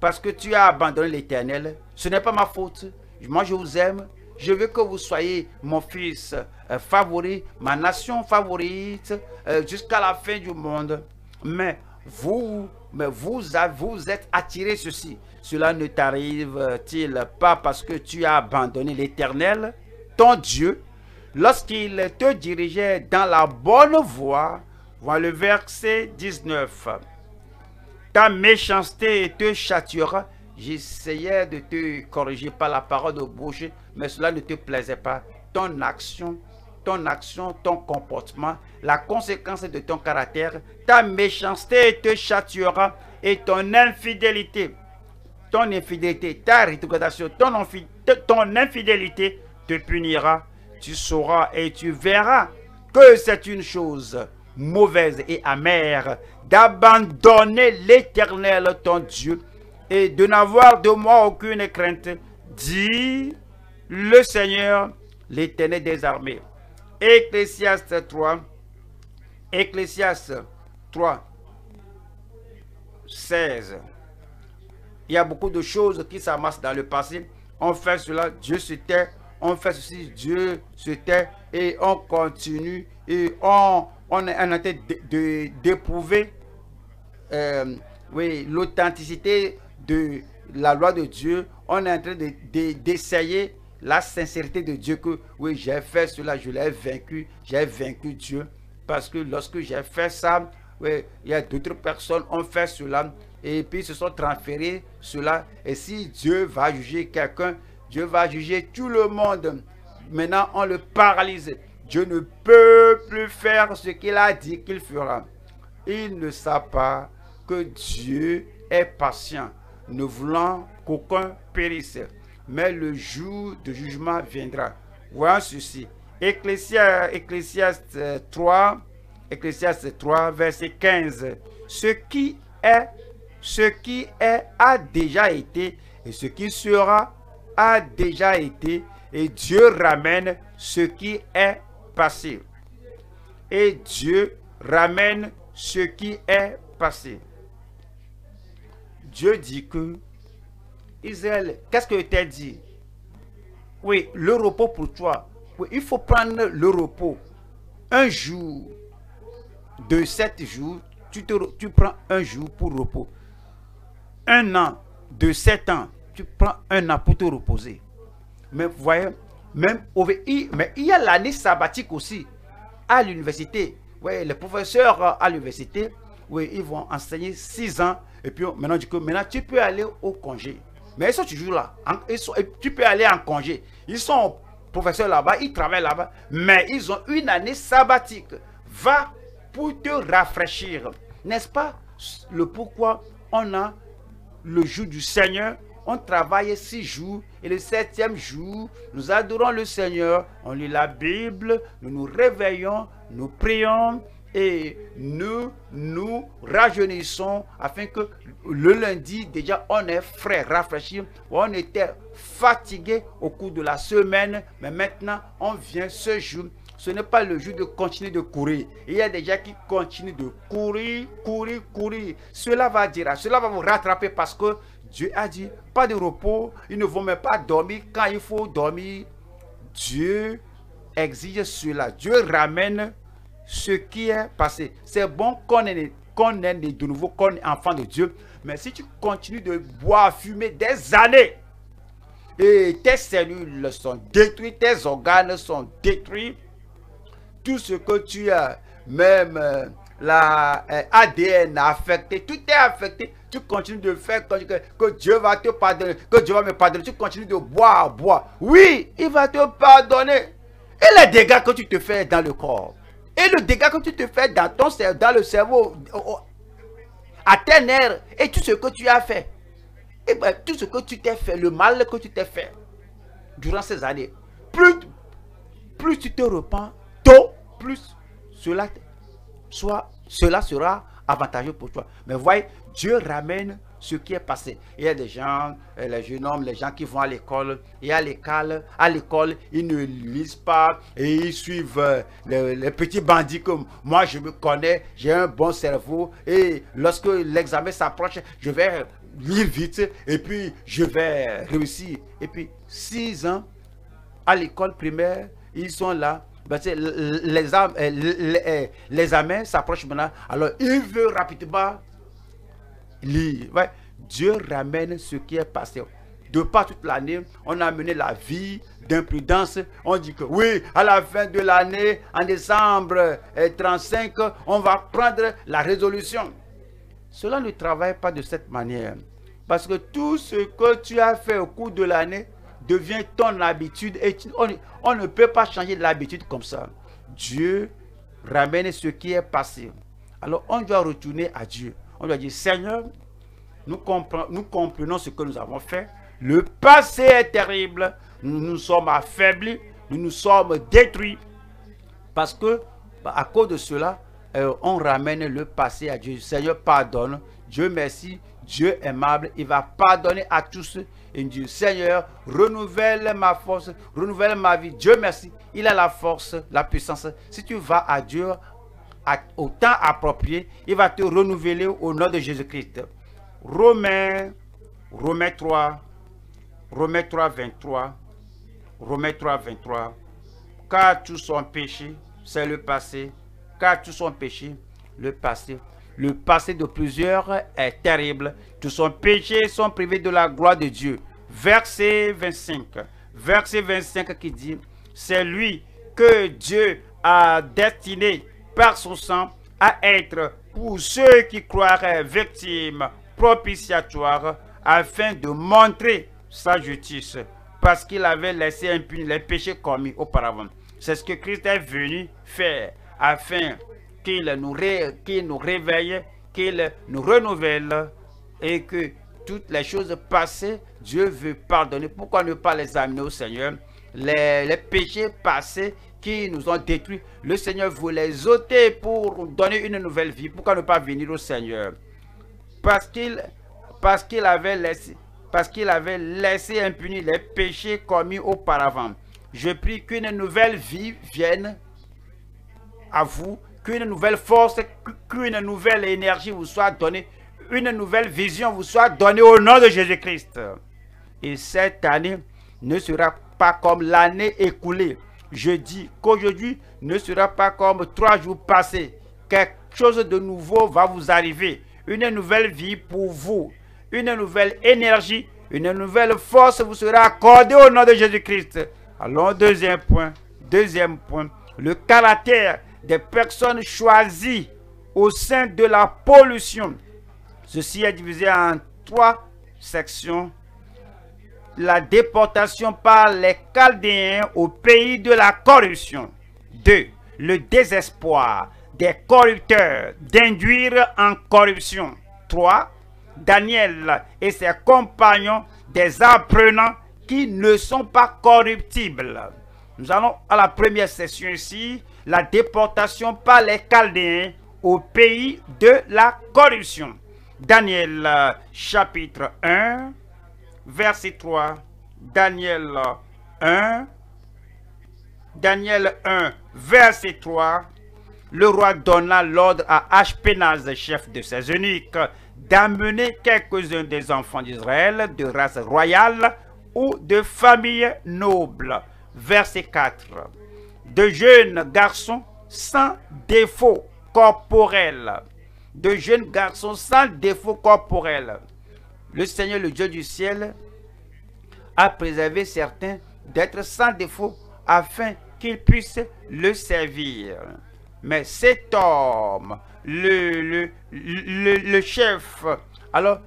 parce que tu as abandonné l'Éternel Ce n'est pas ma faute. Moi, je vous aime, je veux que vous soyez mon fils euh, favori, ma nation favorite, euh, jusqu'à la fin du monde. Mais vous, mais vous, vous êtes attiré ceci. Cela ne t'arrive-t-il pas parce que tu as abandonné l'Éternel, ton Dieu, lorsqu'il te dirigeait dans la bonne voie Voilà le verset 19. Ta méchanceté te châtiera J'essayais de te corriger par la parole de bouche, mais cela ne te plaisait pas. Ton action, ton action, ton comportement, la conséquence de ton caractère, ta méchanceté te châtiera et ton infidélité, ton infidélité, ta rétrogradation, ton infidélité te punira. Tu sauras et tu verras que c'est une chose mauvaise et amère d'abandonner l'Éternel, ton Dieu, et de n'avoir de moi aucune crainte, dit le Seigneur, l'Éternel des armées. Ecclésiaste 3, Ecclésiaste 3, 16. Il y a beaucoup de choses qui s'amassent dans le passé. On fait cela, Dieu se tait. On fait ceci, Dieu se tait. Et on continue. Et on, on est en train d'éprouver euh, oui, l'authenticité de la loi de Dieu, on est en train d'essayer la sincérité de Dieu que oui, j'ai fait cela, je l'ai vaincu, j'ai vaincu Dieu. Parce que lorsque j'ai fait ça, il y a d'autres personnes ont fait cela et puis se sont transférés cela. Et si Dieu va juger quelqu'un, Dieu va juger tout le monde. Maintenant, on le paralyse. Dieu ne peut plus faire ce qu'il a dit qu'il fera. Il ne sait pas que Dieu est patient ne voulant qu'aucun périsse, mais le jour de jugement viendra. Voyons ceci. Ecclesiastes 3, Ecclésiaste 3, euh, verset 15. Ce qui est, ce qui est a déjà été, et ce qui sera a déjà été, et Dieu ramène ce qui est passé. Et Dieu ramène ce qui est passé. Dieu dit que Israël, qu'est-ce que as dit Oui, le repos pour toi. Oui, il faut prendre le repos. Un jour, de sept jours, tu, te, tu prends un jour pour repos. Un an, de sept ans, tu prends un an pour te reposer. Mais vous voyez, même au mais il y a l'année sabbatique aussi à l'université. Oui, les professeurs euh, à l'université, oui, ils vont enseigner six ans et puis maintenant, dit que maintenant, tu peux aller au congé. Mais ils sont toujours là. Ils tu peux aller en congé. Ils sont professeurs là-bas, ils travaillent là-bas. Mais ils ont une année sabbatique. Va pour te rafraîchir. N'est-ce pas le pourquoi on a le jour du Seigneur on travaille six jours et le septième jour, nous adorons le Seigneur, on lit la Bible, nous nous réveillons, nous prions, et nous nous rajeunissons afin que le lundi, déjà, on est frais, rafraîchi. On était fatigué au cours de la semaine, mais maintenant, on vient ce jour. Ce n'est pas le jour de continuer de courir. Il y a des gens qui continuent de courir, courir, courir. Cela va dire, cela va vous rattraper parce que Dieu a dit, pas de repos, ils ne vont même pas dormir quand il faut dormir. Dieu exige cela. Dieu ramène ce qui est passé. C'est bon qu'on est, de nouveau, qu'on est enfant de Dieu. Mais si tu continues de boire, fumer des années, et tes cellules sont détruites, tes organes sont détruits, tout ce que tu as, même euh, la euh, ADN affecté, tout est affecté. Tu continues de faire que, que, Dieu va te pardonner, que Dieu va me pardonner. Tu continues de boire, boire. Oui, il va te pardonner. Et les dégâts que tu te fais dans le corps. Et le dégât que tu te fais dans, ton, dans le cerveau, à tes nerfs, et tout ce que tu as fait, et tout ce que tu t'es fait, le mal que tu t'es fait durant ces années, plus, plus tu te repens tôt, plus cela, soit, cela sera avantageux pour toi. Mais voyez, Dieu ramène ce qui est passé. Il y a des gens, euh, les jeunes hommes, les gens qui vont à l'école, et à l'école, à l'école, ils ne lisent pas et ils suivent euh, les, petits bandits comme moi, je me connais, j'ai un bon cerveau et lorsque l'examen s'approche, je vais lire vite et puis je vais réussir. Et puis, six ans à l'école primaire, ils sont là. Ben, euh, l'examen les, les, maintenant. Alors, ils veulent rapidement Dieu ramène ce qui est passé. De pas toute l'année, on a mené la vie d'imprudence. On dit que oui, à la fin de l'année, en décembre 35, euh, on va prendre la résolution. Cela ne travaille pas de cette manière. Parce que tout ce que tu as fait au cours de l'année devient ton habitude et on, on ne peut pas changer l'habitude comme ça. Dieu ramène ce qui est passé. Alors on doit retourner à Dieu. On lui a dit, Seigneur, nous, comprenons, ce que nous avons fait. Le passé est terrible. Nous nous sommes affaiblis. Nous nous sommes détruits. Parce que, bah, à cause de cela, euh, on ramène le passé à Dieu. Seigneur, pardonne. Dieu merci. Dieu aimable. Il va pardonner à tous. Il dit, Seigneur, renouvelle ma force, renouvelle ma vie. Dieu merci. Il a la force, la puissance. Si tu vas à Dieu au temps approprié, il va te renouveler au nom de Jésus-Christ. Romains, Romains 3, Romains 3, 23, Romains 3, 23. Car tous sont péchés, c'est le passé. Car tous sont péchés, le passé. Le passé de plusieurs est terrible. Tous sont péchés, sont privés de la gloire de Dieu. Verset 25. Verset 25 qui dit, c'est lui que Dieu a destiné par son sang à être pour ceux qui croiraient victimes propitiatoires afin de montrer sa justice parce qu'il avait laissé impunis les péchés commis auparavant. C'est ce que Christ est venu faire afin qu'il nous, nous réveille, qu'il nous renouvelle et que toutes les choses passées, Dieu veut pardonner. Pourquoi ne pas les amener au Seigneur les, les péchés passés, qui nous ont détruits, le Seigneur voulait les pour donner une nouvelle vie. Pourquoi ne pas venir au Seigneur Parce qu'il parce qu'il avait laissé parce qu'il avait laissé impuni les péchés commis auparavant. Je prie qu'une nouvelle vie vienne à vous, qu'une nouvelle force, qu'une nouvelle énergie vous soit donnée, une nouvelle vision vous soit donnée au nom de Jésus-Christ. Et cette année ne sera pas comme l'année écoulée je dis qu'aujourd'hui ne sera pas comme trois jours passés. Quelque chose de nouveau va vous arriver. Une nouvelle vie pour vous. Une nouvelle énergie. Une nouvelle force vous sera accordée au nom de Jésus-Christ. Allons, deuxième point. Deuxième point. Le caractère des personnes choisies au sein de la pollution. Ceci est divisé en trois sections la déportation par les Chaldéens au pays de la corruption. 2. Le désespoir des corrupteurs d'induire en corruption. 3. Daniel et ses compagnons des apprenants qui ne sont pas corruptibles. Nous allons à la première session ici, la déportation par les Chaldéens au pays de la corruption. Daniel euh, chapitre 1 verset 3, Daniel 1, Daniel 1, verset 3, le roi donna l'ordre à Ashpenaz, chef de ses eunuques, d'amener quelques-uns des enfants d'Israël de race royale ou de famille noble. Verset 4. De jeunes garçons sans défaut corporel. De jeunes garçons sans défaut corporel le Seigneur, le Dieu du ciel, a préservé certains d'être sans défaut afin qu'ils puissent le servir. Mais cet homme, le, le, le, le chef, alors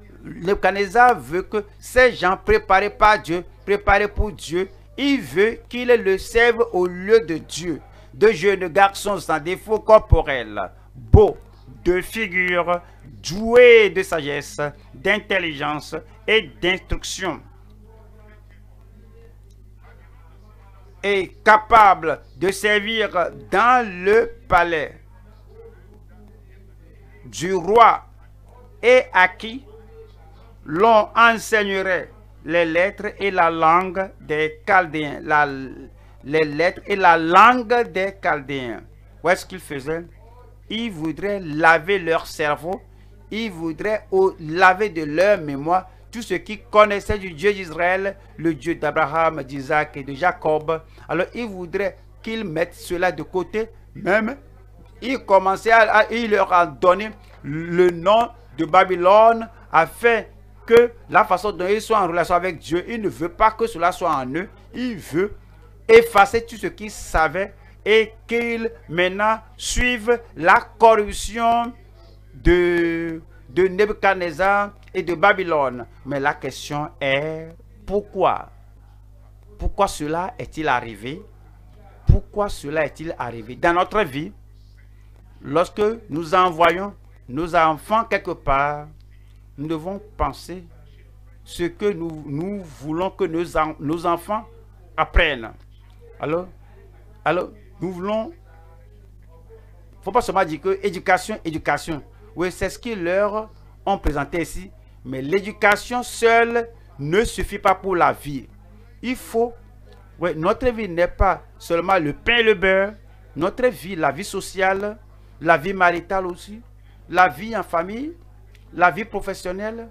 veut que ces gens préparés par Dieu, préparés pour Dieu, il veut qu'ils le servent au lieu de Dieu. de jeunes garçons sans défaut corporel, beaux, de figure, doué de sagesse, d'intelligence et d'instruction. Et capable de servir dans le palais du roi et à qui l'on enseignerait les lettres et la langue des Chaldéens. les lettres et la langue des Chaldéens. Où est-ce qu'ils faisaient Ils voudraient laver leur cerveau ils voudraient laver de leur mémoire tout ce qu'ils connaissaient du Dieu d'Israël, le Dieu d'Abraham, d'Isaac et de Jacob. Alors ils voudraient qu'ils mettent cela de côté, même ils commençaient à, leur donner donné le nom de Babylone afin que la façon dont ils soient en relation avec Dieu, il ne veut pas que cela soit en eux, il veut effacer tout ce qu'ils savaient et qu'ils maintenant suivent la corruption de, de Nebuchadnezzar et de Babylone. Mais la question est pourquoi Pourquoi cela est-il arrivé Pourquoi cela est-il arrivé Dans notre vie, lorsque nous envoyons nos enfants quelque part, nous devons penser ce que nous, voulons que nos, nos enfants apprennent. Alors, alors, nous voulons... Il ne faut pas seulement dire que éducation, éducation. Oui, c'est ce qu'ils leur ont présenté ici. Mais l'éducation seule ne suffit pas pour la vie. Il faut... Oui, notre vie n'est pas seulement le pain et le beurre. Notre vie, la vie sociale, la vie maritale aussi, la vie en famille, la vie professionnelle,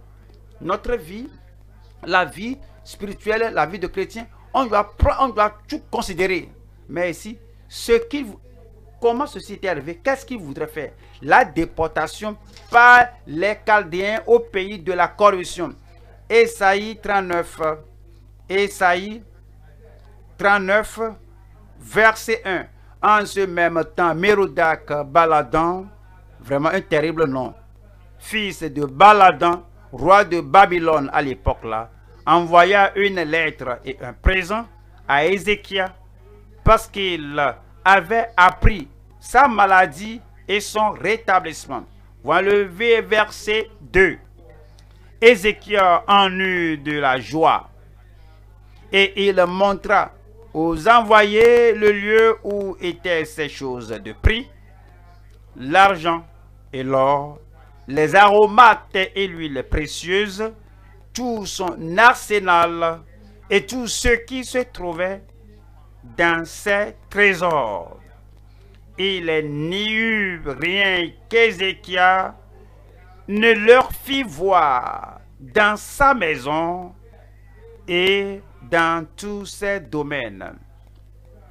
notre vie, la vie spirituelle, la vie de chrétien, on doit, on tout considérer. Mais ici, ce qui Comment ceci est arrivé Qu'est-ce qu'il voudrait faire La déportation par les Chaldéens au pays de la corruption. Esaïe 39. Esaïe 39, verset 1. En ce même temps, Mérodac Baladan, vraiment un terrible nom, fils de Baladan, roi de Babylone à l'époque là, envoya une lettre et un présent à Ézéchia parce qu'il avait appris sa maladie et son rétablissement. Voilà le verset 2. Ézéchiel en eut de la joie et il montra aux envoyés le lieu où étaient ces choses de prix, l'argent et l'or, les aromates et l'huile précieuse, tout son arsenal et tout ce qui se trouvait dans ses trésors. Il n'y eut rien qu'Ézéchias ne leur fit voir dans sa maison et dans tous ses domaines.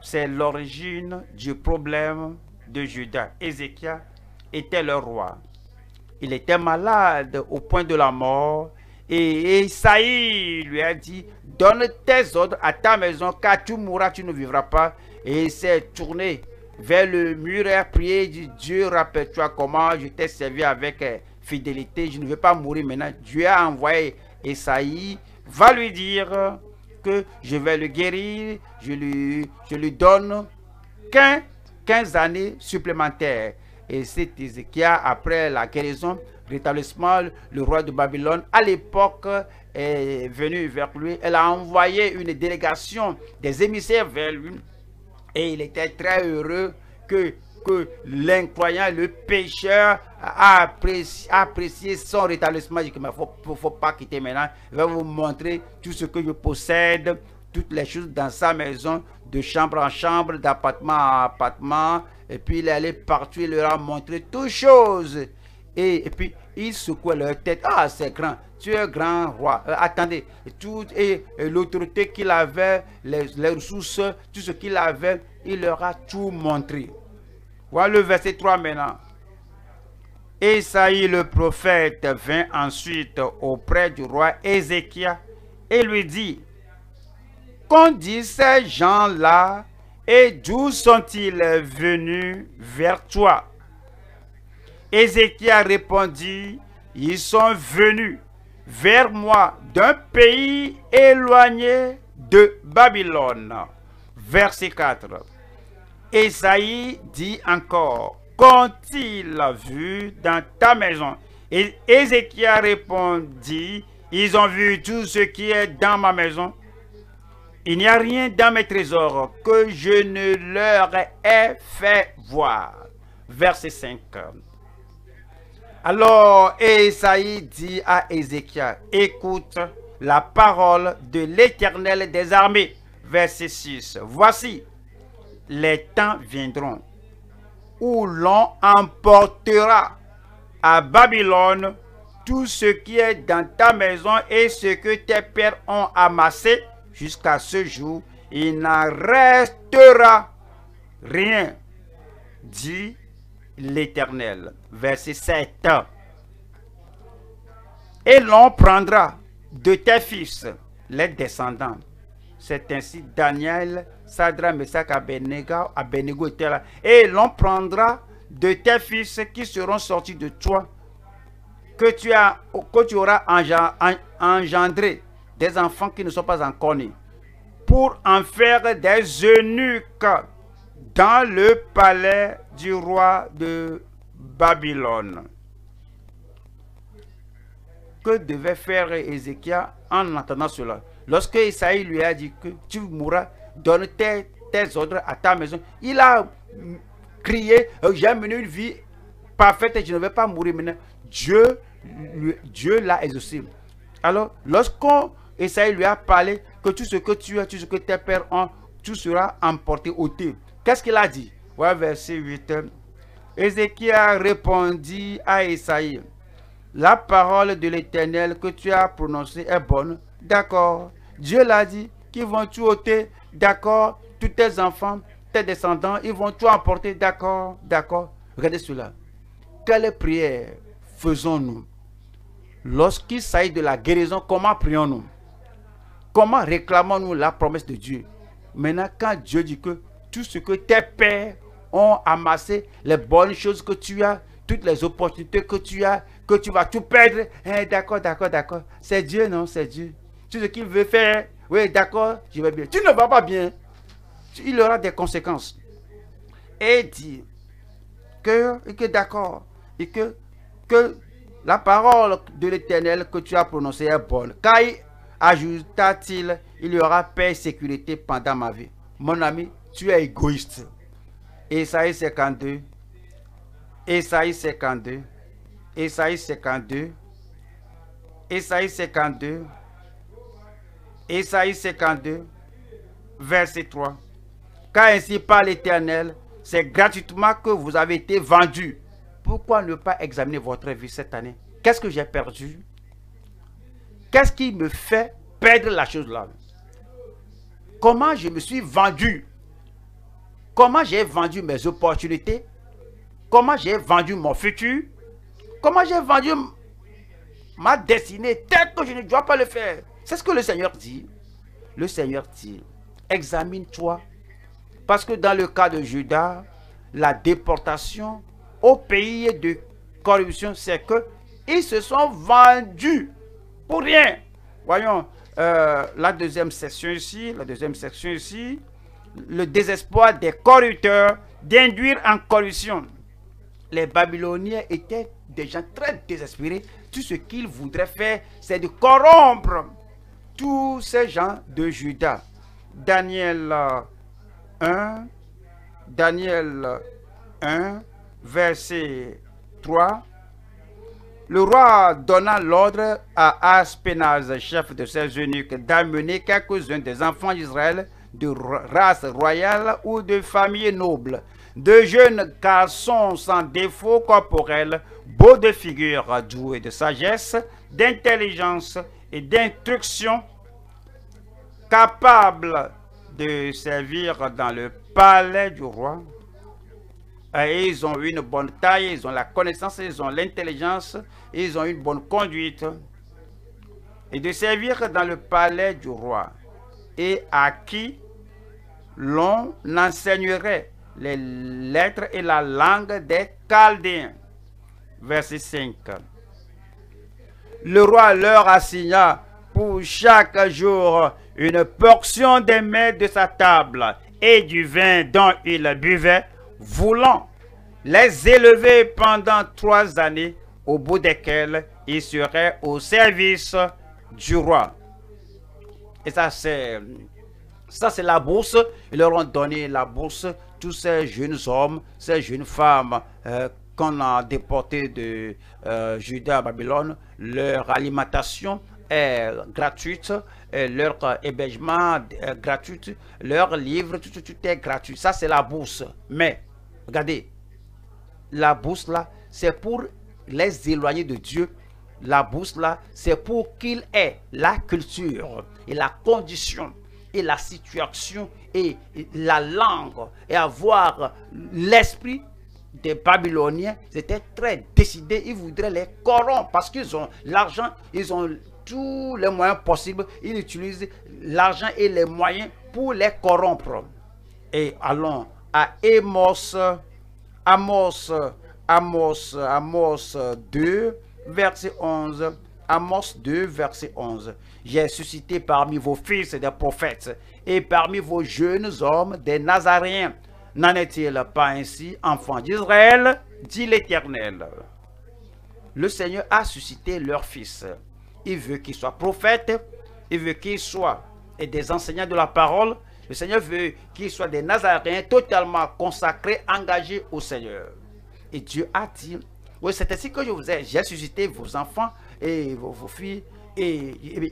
C'est l'origine du problème de Judas. Ézéchias était le roi. Il était malade au point de la mort et Esaïe lui a dit, donne tes ordres à ta maison, car tu mourras, tu ne vivras pas. Et il s'est tourné vers le mur et a prié, dit, Dieu, rappelle-toi comment je t'ai servi avec euh, fidélité, je ne veux pas mourir maintenant. Dieu a envoyé Esaïe, va lui dire que je vais le guérir, je lui, je lui donne 15, 15 années supplémentaires. Et c'est Ézéchiel, après la guérison, rétablissement, le roi de Babylone, à l'époque, est venu vers lui. Elle a envoyé une délégation des émissaires vers lui. Et il était très heureux que, que l'incroyant, le pécheur, a apprécié, apprécié son rétablissement. Il dit, mais il ne faut pas quitter maintenant. Je vais vous montrer tout ce que je possède, toutes les choses dans sa maison, de chambre en chambre, d'appartement en appartement. Et puis il est allé partout, il leur a montré toutes choses. Et, puis ils secouaient leur tête. Ah, c'est grand, tu es grand roi. Euh, attendez, tout et, l'autorité qu'il avait, les, ressources, tout ce qu'il avait, il leur a tout montré. Voilà le verset 3 maintenant. Esaïe le prophète vint ensuite auprès du roi Ézéchias et lui dit, Qu'ont dit ces gens-là et d'où sont-ils venus vers toi Ézéchiel répondit, « ils sont venus vers moi d'un pays éloigné de Babylone. Verset 4. Esaïe dit encore, Quand ils vu dans ta maison Et Ézéchiel répondit, ils ont vu tout ce qui est dans ma maison. Il n'y a rien dans mes trésors que je ne leur ai fait voir. Verset 5. Alors Esaïe dit à Ézéchiel, écoute la parole de l'Éternel des armées. Verset 6. Voici, les temps viendront où l'on emportera à Babylone tout ce qui est dans ta maison et ce que tes pères ont amassé jusqu'à ce jour. Il n'en restera rien, dit l'Éternel. Verset 7. Et l'on prendra de tes fils les descendants. C'est ainsi Daniel, Sadra, Messac, Abenega, à et Et l'on prendra de tes fils qui seront sortis de toi, que tu, as, que tu auras engendré des enfants qui ne sont pas encore nés, pour en faire des eunuques dans le palais du roi de Babylone. Que devait faire Ézéchiel en entendant cela Lorsque Isaïe lui a dit que tu mourras, donne tes, ordres à ta maison, il a crié, euh, j'ai mené une vie parfaite et je ne vais pas mourir maintenant. Dieu, Dieu l'a exaucé. Alors, lorsqu'on Esaïe lui a parlé que tout ce que tu as, tout ce que tes pères ont, tout sera emporté au thé. Qu'est-ce qu'il a dit ouais, Verset 8. Ézéchiel répondit à Esaïe, la parole de l'Éternel que tu as prononcée est bonne. D'accord. Dieu l'a dit, qui vont-tu ôter D'accord. Tous tes enfants, tes descendants, ils vont tout emporter. D'accord. D'accord. Regardez cela. Quelle prière faisons-nous Lorsqu'il s'agit de la guérison, comment prions-nous Comment réclamons-nous la promesse de Dieu Maintenant, quand Dieu dit que tout ce que tes pères ont amassé, les bonnes choses que tu as, toutes les opportunités que tu as, que tu vas tout perdre. Hein, d'accord, d'accord, d'accord. C'est Dieu, non, c'est Dieu. Tout ce qu'il veut faire, oui, d'accord, je vais bien. Tu ne vas pas bien. Il aura des conséquences. Et dit que, que d'accord, et que, que la parole de l'Éternel que tu as prononcée est bonne. Caille, ajouta-t-il, il y aura paix et sécurité pendant ma vie. Mon ami, tu es égoïste. Esaïe 52, Esaïe 52, Esaïe 52, Esaïe 52, Esaïe 52, verset 3. Quand ainsi parle l'Éternel, c'est gratuitement que vous avez été vendu. Pourquoi ne pas examiner votre vie cette année Qu'est-ce que j'ai perdu Qu'est-ce qui me fait perdre la chose là Comment je me suis vendu Comment j'ai vendu mes opportunités Comment j'ai vendu mon futur Comment j'ai vendu ma destinée telle que je ne dois pas le faire C'est ce que le Seigneur dit. Le Seigneur dit, examine-toi. Parce que dans le cas de Judas, la déportation au pays de corruption, c'est que ils se sont vendus pour rien. Voyons, euh, la deuxième section ici, la deuxième section ici, le désespoir des corrupteurs d'induire en corruption. Les Babyloniens étaient des gens très désespérés. Tout ce qu'ils voudraient faire, c'est de corrompre tous ces gens de Judas. Daniel 1, euh, Daniel 1, euh, verset 3. Le roi donna l'ordre à Aspenaz, chef de ses eunuques, d'amener quelques-uns des enfants d'Israël de race royale ou de famille noble, de jeunes garçons sans défaut corporel, beaux de figure, doués de sagesse, d'intelligence et d'instruction, capables de servir dans le palais du roi. Et ils ont une bonne taille, ils ont la connaissance, ils ont l'intelligence, ils ont une bonne conduite. Et de servir dans le palais du roi. Et à qui l'on enseignerait les lettres et la langue des Chaldéens. Verset 5. Le roi leur assigna pour chaque jour une portion des mets de sa table et du vin dont il buvait, voulant les élever pendant trois années, au bout desquelles ils seraient au service du roi. Et ça, c'est ça, c'est la bourse. Ils leur ont donné la bourse, tous ces jeunes hommes, ces jeunes femmes euh, qu'on a déportés de euh, Juda à Babylone. Leur alimentation est gratuite, leur euh, hébergement est gratuit, leur livre, tout, est gratuit. Ça, c'est la bourse. Mais, regardez, la bourse là, c'est pour les éloigner de Dieu. La bourse là, c'est pour qu'il ait la culture et la condition la situation et la langue et avoir l'esprit des Babyloniens, c'était très décidé. Ils voudraient les corrompre parce qu'ils ont l'argent, ils ont tous les moyens possibles. Ils utilisent l'argent et les moyens pour les corrompre. Et allons à Amos, Amos, Amos, Amos 2, verset 11. Amos 2, verset 11. J'ai suscité parmi vos fils des prophètes et parmi vos jeunes hommes des Nazaréens. N'en est-il pas ainsi, enfants d'Israël dit l'Éternel. Le Seigneur a suscité leurs fils. Il veut qu'ils soient prophètes, il veut qu'ils soient des enseignants de la parole. Le Seigneur veut qu'ils soient des Nazaréens totalement consacrés, engagés au Seigneur. Et Dieu a dit, oui, c'est ainsi que je vous ai, j'ai suscité vos enfants et vos, filles et,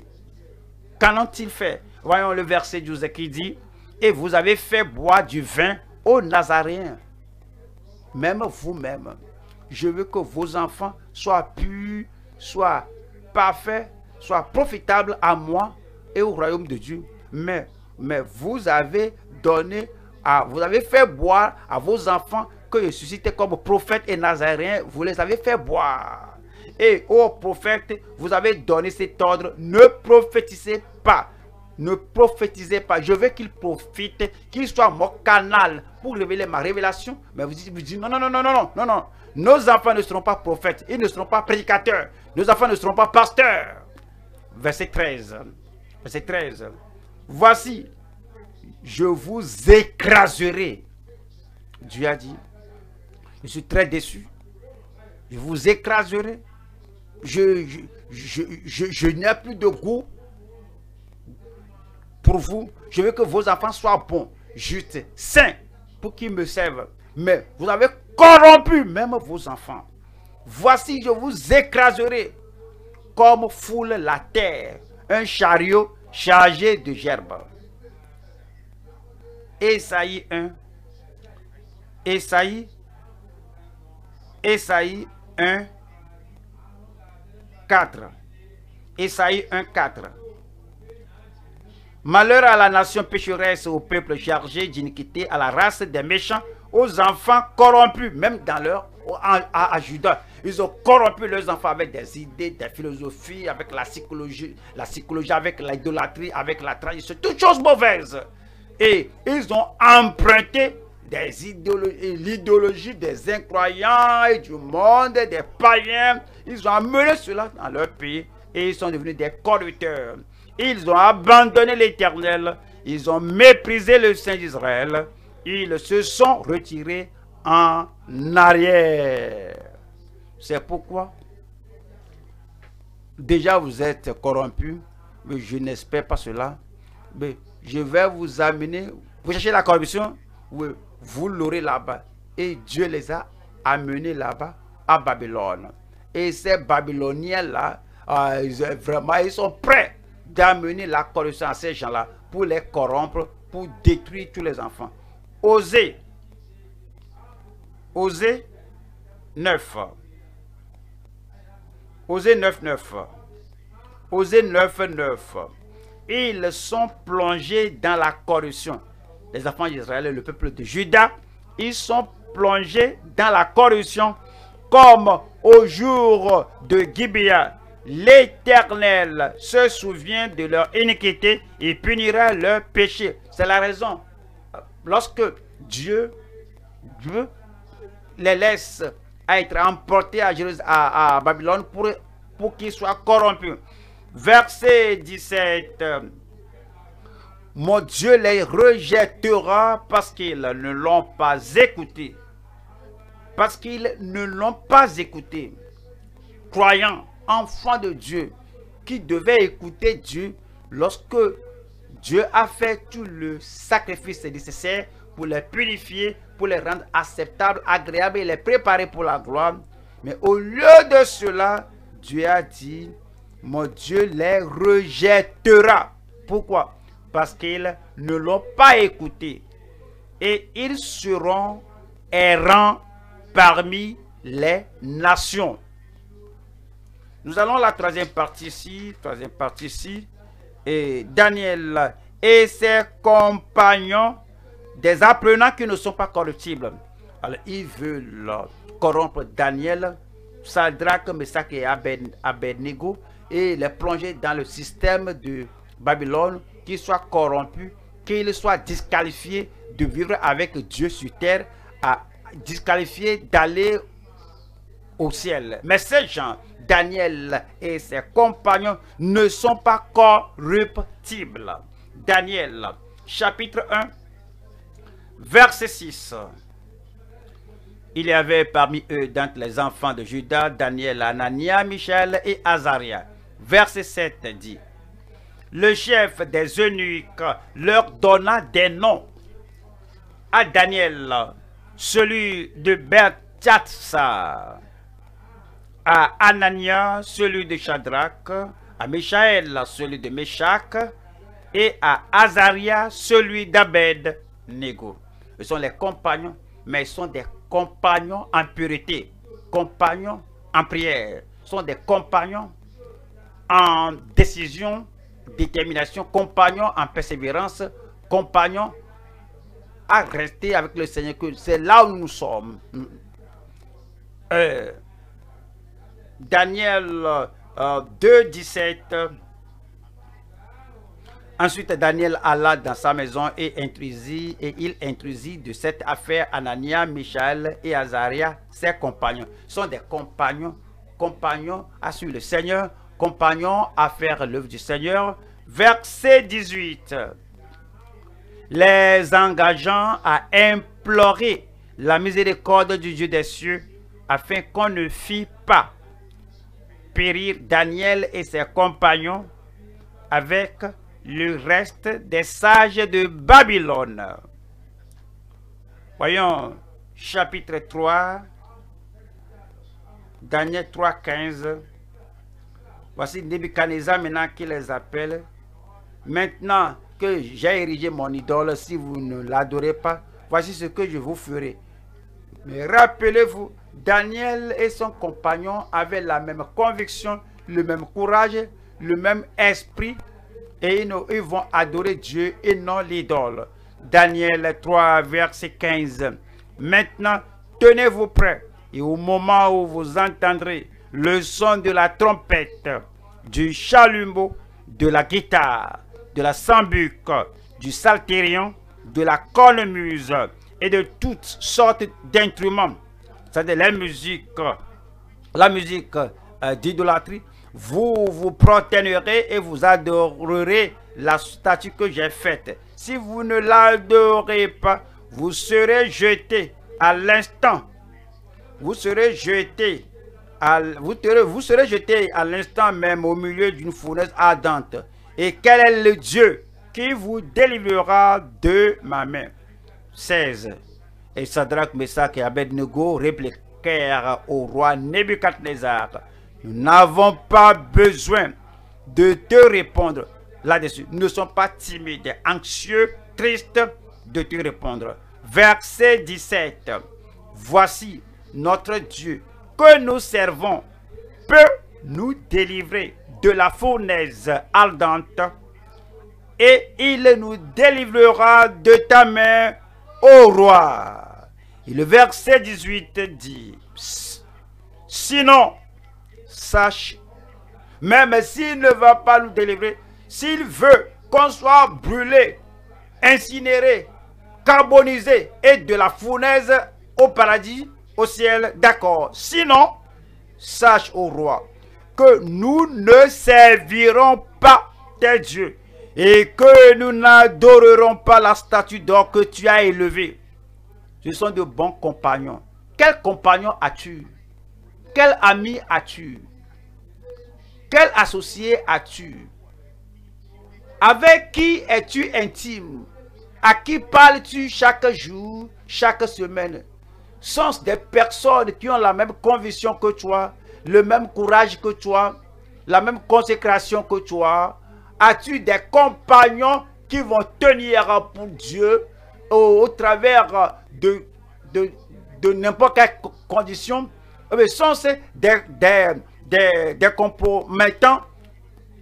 Qu'en ils fait Voyons le verset 12 qui dit, et vous avez fait boire du vin aux Nazaréens. Même vous-même, je veux que vos enfants soient purs, soient parfaits, soient profitables à moi et au royaume de Dieu. Mais, mais vous avez donné, à, vous avez fait boire à vos enfants que je suscitais comme prophète et Nazaréen, vous les avez fait boire et ô prophète, vous avez donné cet ordre, ne prophétisez pas. Ne prophétisez pas. Je veux qu'il profite, qu'il soit mon canal pour révéler ma révélation. Mais vous dites, vous dites non, non, non, non, non, non, non. Nos enfants ne seront pas prophètes. Ils ne seront pas prédicateurs. Nos enfants ne seront pas pasteurs. Verset 13. Verset 13. Voici, je vous écraserai. Dieu a dit, je suis très déçu. Je vous écraserai je, n'ai plus de goût pour vous. Je veux que vos enfants soient bons, justes, saints, pour qu'ils me servent. Mais vous avez corrompu même vos enfants. Voici, je vous écraserai comme foule la terre, un chariot chargé de gerbes. Esaïe 1. Esaïe. Esaïe un. 4. Esaïe 1, 4. Malheur à la nation pécheresse, au peuple chargé d'iniquité, à la race des méchants, aux enfants corrompus, même dans leur à, à, Ils ont corrompu leurs enfants avec des idées, des philosophies, avec la psychologie, la psychologie avec l'idolâtrie, avec la tradition, toutes choses mauvaises. Et ils ont emprunté des idéologies, l'idéologie des incroyants et du monde, des païens, ils ont amené cela dans leur pays et ils sont devenus des corrupteurs. Ils ont abandonné l'Éternel. Ils ont méprisé le Saint d'Israël. Ils se sont retirés en arrière. C'est pourquoi déjà vous êtes corrompus, mais je n'espère pas cela. Mais je vais vous amener, vous cherchez la corruption, oui, vous l'aurez là-bas. Et Dieu les a amenés là-bas à Babylone. Et ces Babyloniens-là, euh, vraiment, ils sont prêts d'amener la corruption à ces gens-là pour les corrompre, pour détruire tous les enfants. Oser. Oser. 9, Oser, 9, 9, osez 9, 9. Ils sont plongés dans la corruption. Les enfants d'Israël et le peuple de Juda, ils sont plongés dans la corruption comme au jour de Gibea, l'Éternel se souvient de leur iniquité et punira leur péché. C'est la raison. Lorsque Dieu, Dieu les laisse être emportés à, à, à Babylone pour, pour qu'ils soient corrompus. Verset 17. Mon Dieu les rejettera parce qu'ils ne l'ont pas écouté parce qu'ils ne l'ont pas écouté. Croyants, enfants de Dieu, qui devait écouter Dieu lorsque Dieu a fait tout le sacrifice nécessaire pour les purifier, pour les rendre acceptables, agréables et les préparer pour la gloire. Mais au lieu de cela, Dieu a dit, mon Dieu les rejettera. Pourquoi Parce qu'ils ne l'ont pas écouté. Et ils seront errants parmi les nations. Nous allons à la troisième partie ici, troisième partie ici. Et Daniel et ses compagnons, des apprenants qui ne sont pas corruptibles. Alors, ils veulent corrompre Daniel, Sadrach, Messak et Abednego et les plonger dans le système de Babylone, qu'ils soient corrompus, qu'ils soient disqualifiés de vivre avec Dieu sur terre à disqualifié d'aller au ciel. Mais ces gens, Daniel et ses compagnons, ne sont pas corruptibles. Daniel, chapitre 1, verset 6. Il y avait parmi eux, d'entre les enfants de Judas, Daniel, Anania, Michel et Azaria. Verset 7 dit, Le chef des eunuques leur donna des noms. À Daniel, celui de Berthatsa à Anania, celui de Shadrach, à Michaël, celui de Meshach, et à Azaria, celui d'Abed Nego. Ils sont les compagnons, mais ils sont des compagnons en pureté, compagnons en prière, sont des compagnons en décision, détermination, compagnons en persévérance, compagnons rester avec le Seigneur, que c'est là où nous sommes. Mm. Euh, Daniel 2, euh, 17. Ensuite, Daniel alla dans sa maison et intrusit, et il intrusit de cette affaire Anania, Michel et Azaria, ses compagnons. sont des compagnons, compagnons à suivre le Seigneur, compagnons à faire l'œuvre du Seigneur. Verset 18 les engageant à implorer la miséricorde du Dieu des cieux afin qu'on ne fît pas périr Daniel et ses compagnons avec le reste des sages de Babylone. Voyons chapitre 3, Daniel 3, 15. Voici Nebuchadnezzar maintenant qui les appelle. Maintenant, que j'ai érigé mon idole, si vous ne l'adorez pas, voici ce que je vous ferai. Mais rappelez-vous, Daniel et son compagnon avaient la même conviction, le même courage, le même esprit, et ils vont adorer Dieu et non l'idole. Daniel 3, verset 15. Maintenant, tenez-vous prêts, et au moment où vous entendrez le son de la trompette, du chalumeau, de la guitare, de la sambuc, du salterion, de la cornemuse et de toutes sortes d'instruments, c'est-à-dire la musique, la euh, musique d'idolâtrie, vous vous proténerez et vous adorerez la statue que j'ai faite. Si vous ne l'adorez pas, vous serez jeté à l'instant. Vous serez jeté vous serez jeté à l'instant même au milieu d'une fournaise ardente. Et quel est le Dieu qui vous délivrera de ma main 16. Et Sadrach, Messach et Abednego répliquèrent au roi Nebuchadnezzar Nous n'avons pas besoin de te répondre là-dessus. Nous ne sommes pas timides, anxieux, tristes de te répondre. Verset 17 Voici notre Dieu que nous servons peut nous délivrer de la fournaise ardente, et il nous délivrera de ta main, au roi. Et le verset 18 dit, sinon, sache, même s'il ne va pas nous délivrer, s'il veut qu'on soit brûlé, incinéré, carbonisé et de la fournaise au paradis, au ciel, d'accord. Sinon, sache au roi nous ne servirons pas tes dieux et que nous n'adorerons pas la statue d'or que tu as élevée. Ce sont de bons compagnons. Quel compagnon as-tu Quel ami as-tu Quel associé as-tu Avec qui es-tu intime À qui parles-tu chaque jour, chaque semaine Sont des personnes qui ont la même conviction que toi, le même courage que toi, la même consécration que toi As-tu des compagnons qui vont tenir pour Dieu au, travers de, de, n'importe quelle condition mais eh sont des, des, Maintenant,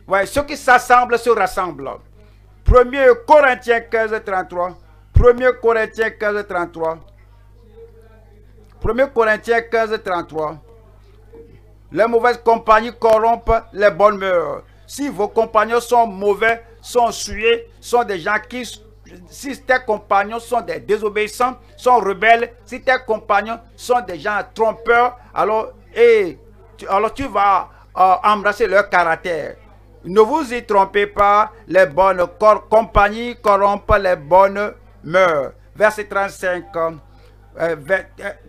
Ouais, ceux qui s'assemblent se rassemblent. 1 Corinthiens 15, 33. 1 Corinthiens 15, 33. 1 Corinthiens 15, 33. Les mauvaises compagnies corrompent les bonnes mœurs. Si vos compagnons sont mauvais, sont sués, sont des gens qui... Si tes compagnons sont des désobéissants, sont rebelles, si tes compagnons sont des gens trompeurs, alors, et, eh, tu, alors tu vas euh, embrasser leur caractère. Ne vous y trompez pas, les bonnes compagnies corrompent les bonnes mœurs. Verset 35.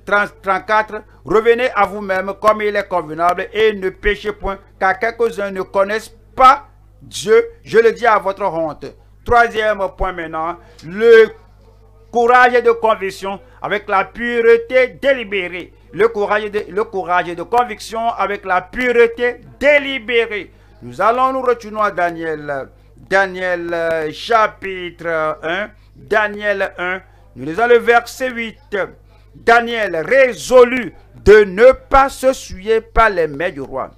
34, euh, euh, revenez à vous-même comme il est convenable et ne péchez point, car quelques-uns ne connaissent pas Dieu, je le dis à votre honte. Troisième point maintenant, le courage de conviction avec la pureté délibérée. Le courage, de, le courage de conviction avec la pureté délibérée. Nous allons nous retourner à Daniel. Daniel euh, chapitre 1. Daniel 1 nous lisons le verset 8. Daniel résolu de ne pas se souiller par les mains du roi.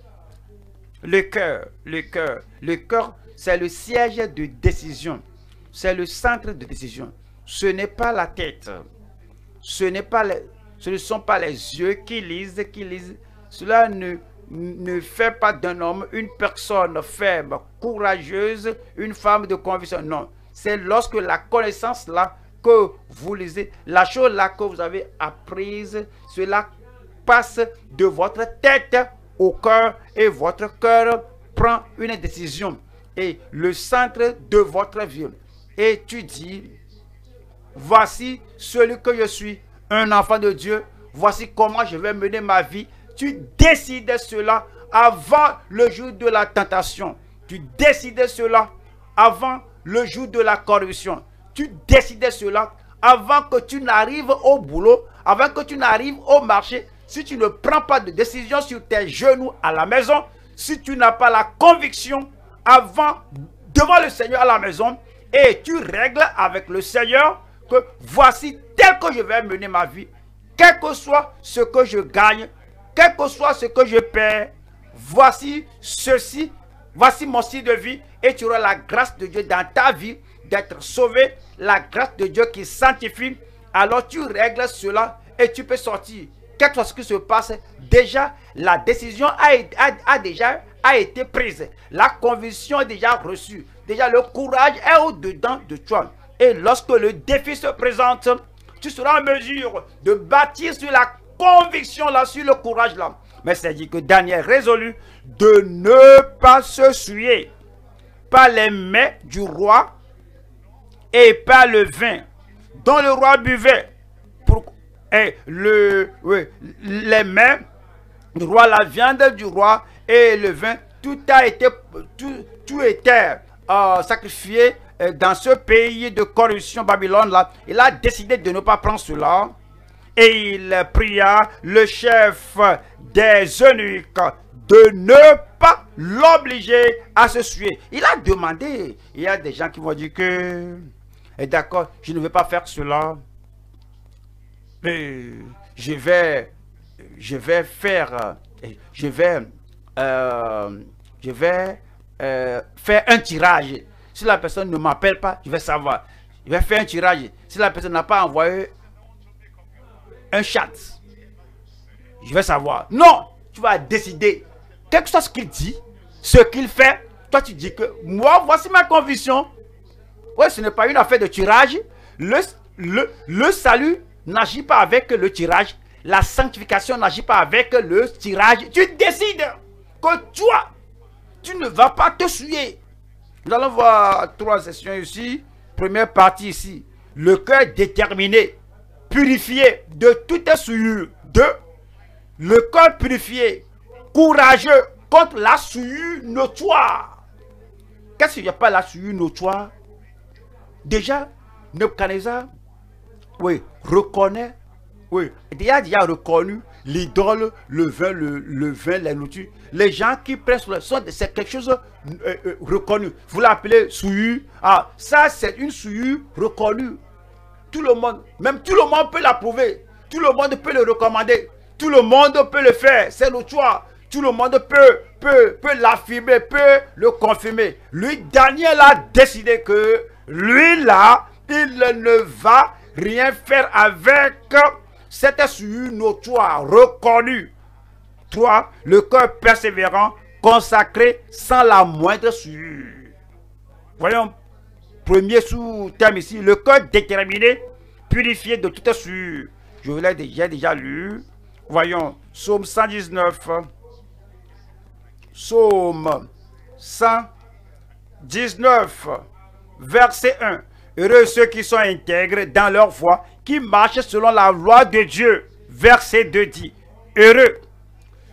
Le cœur, le cœur, le cœur, c'est le siège de décision. C'est le centre de décision. Ce n'est pas la tête. Ce, pas ce ne sont pas les yeux qui lisent, qui lisent. Cela ne, ne fait pas d'un homme une personne ferme, courageuse, une femme de conviction. Non, c'est lorsque la connaissance là que vous lisez, la chose là que vous avez apprise, cela passe de votre tête au cœur et votre cœur prend une décision et le centre de votre vie. Et tu dis, voici celui que je suis, un enfant de Dieu, voici comment je vais mener ma vie. Tu décides cela avant le jour de la tentation. Tu décides cela avant le jour de la corruption tu décidais cela avant que tu n'arrives au boulot, avant que tu n'arrives au marché. Si tu ne prends pas de décision sur tes genoux à la maison, si tu n'as pas la conviction avant, devant le Seigneur à la maison, et tu règles avec le Seigneur que voici tel que je vais mener ma vie, quel que soit ce que je gagne, quel que soit ce que je perds, voici ceci, voici mon style de vie, et tu auras la grâce de Dieu dans ta vie être sauvé, la grâce de Dieu qui sanctifie, alors tu règles cela et tu peux sortir. Quel ce qui se passe, déjà, la décision a, a, déjà a été prise. La conviction est déjà reçue. Déjà, le courage est au-dedans de toi. Et lorsque le défi se présente, tu seras en mesure de bâtir sur la conviction là, sur le courage là. Mais c'est dit que Daniel résolu de ne pas se souiller par les mains du roi et pas le vin dont le roi buvait. et le, les mains roi, la viande du roi et le vin, tout a été, tout, était euh, sacrifié euh, dans ce pays de corruption Babylone là. Il a décidé de ne pas prendre cela. Et il pria le chef des eunuques de ne pas l'obliger à se suer. Il a demandé. Il y a des gens qui vont dire que d'accord, je ne vais pas faire cela. Mais je vais, je vais faire, euh, je vais, euh, je vais euh, faire un tirage. Si la personne ne m'appelle pas, je vais savoir. Je vais faire un tirage. Si la personne n'a pas envoyé un chat, je vais savoir. Non, tu vas décider. quelque que ce qu'il dit, ce qu'il fait, toi tu dis que moi, voici ma conviction. Ouais, ce n'est pas une affaire de tirage. Le, le, salut n'agit pas avec le tirage. La sanctification n'agit pas avec le tirage. Tu décides que toi, tu ne vas pas te souiller. Nous allons voir trois sessions ici. Première partie ici. Le cœur déterminé, purifié de toute souillure. Deux, le corps purifié, courageux contre la souillure notoire. Qu'est-ce qu'il n'y a pas la souillure notoire Déjà, Nebuchadnezzar, oui, reconnaît, oui, déjà, déjà reconnu l'idole, le vin, le, vin, la nourriture. Les gens qui pressent, c'est quelque chose euh, euh, reconnu. Vous l'appelez souyu, Ah, ça, c'est une souillu reconnue. Tout le monde, même tout le monde peut l'approuver. Tout le monde peut le recommander. Tout le monde peut le faire. C'est le choix. Tout le monde peut, peut, peut l'affirmer, peut le confirmer. Lui, Daniel a décidé que lui là, il ne va rien faire avec. C'était sur une toi reconnue. Trois, Le cœur persévérant, consacré sans la moindre sueur. Voyons, premier sous-terme ici, le cœur déterminé, purifié de toute sueur. Je vous l'ai déjà, déjà lu. Voyons, psaume 119. Psaume 119 verset 1. Heureux ceux qui sont intègres dans leur voie, qui marchent selon la loi de Dieu. Verset 2 dit, heureux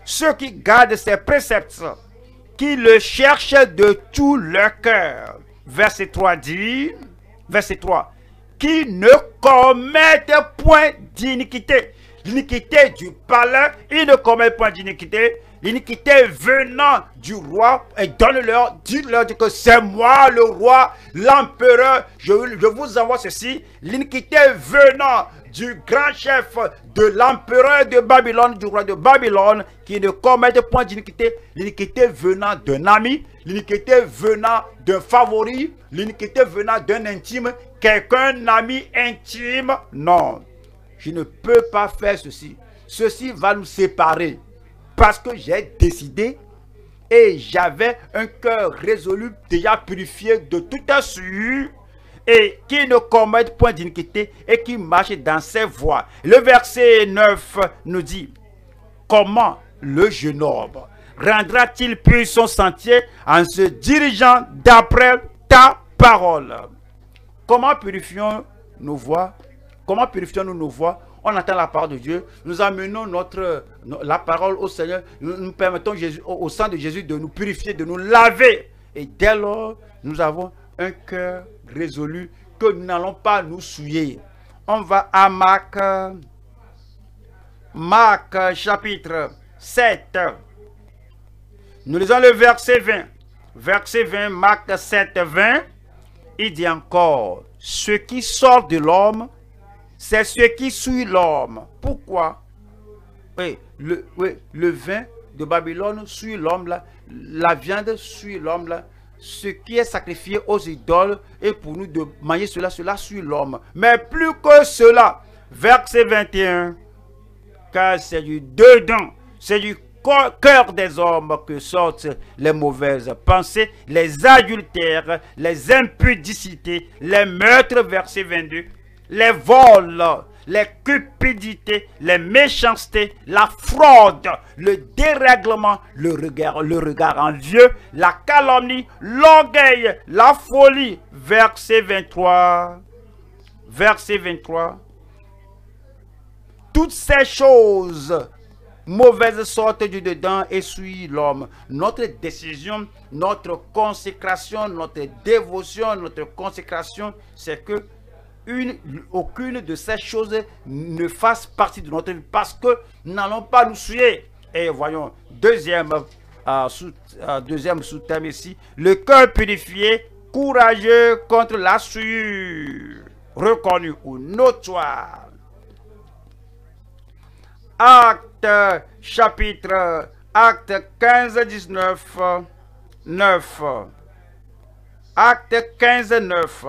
ceux qui gardent ses préceptes, qui le cherchent de tout leur cœur. Verset 3 dit, verset 3, qui ne commettent point d'iniquité. L'iniquité du palais, ils ne commettent point d'iniquité l'iniquité venant du roi, et donne-leur, dites leur que c'est moi le roi, l'empereur, je, vous envoie ceci, l'iniquité venant du grand chef de l'empereur de Babylone, du roi de Babylone, qui ne commet point d'iniquité, l'iniquité venant d'un ami, l'iniquité venant d'un favori, l'iniquité venant d'un intime, quelqu'un ami intime. Non, je ne peux pas faire ceci. Ceci va nous séparer. Parce que j'ai décidé et j'avais un cœur résolu, déjà purifié de tout su et qui ne commette point d'iniquité et qui marche dans ses voies. Le verset 9 nous dit, comment le jeune homme rendra-t-il pur son sentier en se dirigeant d'après ta parole Comment purifions nos voies Comment purifions-nous nos voies on attend la parole de Dieu, nous amenons notre, la parole au Seigneur, nous, permettons au, au, sang de Jésus de nous purifier, de nous laver. Et dès lors, nous avons un cœur résolu que nous n'allons pas nous souiller. On va à Marc, Marc chapitre 7. Nous lisons le verset 20. Verset 20, Marc 7, 20. Il dit encore, ce qui sort de l'homme, c'est ce qui suit l'homme. Pourquoi oui le, vin de Babylone suit l'homme là, la viande suit l'homme là, ce qui est sacrifié aux idoles et pour nous de manger cela, cela suit l'homme. Mais plus que cela, verset 21, car c'est du dedans, c'est du cœur des hommes que sortent les mauvaises pensées, les adultères, les impudicités, les meurtres, verset 22, les vols, les cupidités, les méchancetés, la fraude, le dérèglement, le regard, le regard la calomnie, l'orgueil, la folie. Verset 23. Verset 23. Toutes ces choses mauvaises sortent du dedans et suivent l'homme. Notre décision, notre consécration, notre dévotion, notre consécration, c'est que aucune de ces choses ne fasse partie de notre vie parce que nous n'allons pas nous souiller. Et voyons, deuxième, euh, sous, euh, deuxième sous-thème ici, le cœur purifié, courageux contre la souillure, reconnu ou notoire. Acte chapitre, acte 15, 19, 9. Acte 15, 9.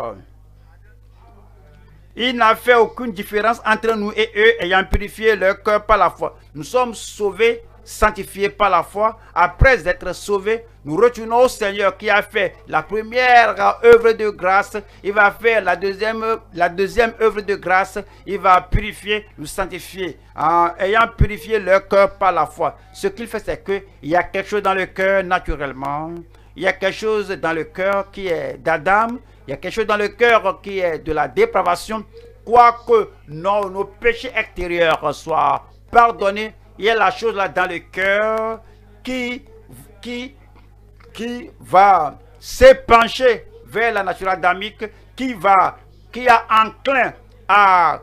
Il n'a fait aucune différence entre nous et eux ayant purifié leur cœur par la foi. Nous sommes sauvés, sanctifiés par la foi. Après être sauvés, nous retournons au Seigneur qui a fait la première œuvre de grâce. Il va faire la deuxième, la deuxième œuvre de grâce. Il va purifier, nous sanctifier en ayant purifié leur cœur par la foi. Ce qu'il fait, c'est qu'il y a quelque chose dans le cœur naturellement. Il y a quelque chose dans le cœur qui est d'Adam il y a quelque chose dans le cœur qui est de la dépravation. Quoique nos, nos péchés extérieurs soient pardonnés, il y a la chose là dans le cœur qui, qui, qui va s'épancher vers la nature adamique, qui va, qui a enclin à,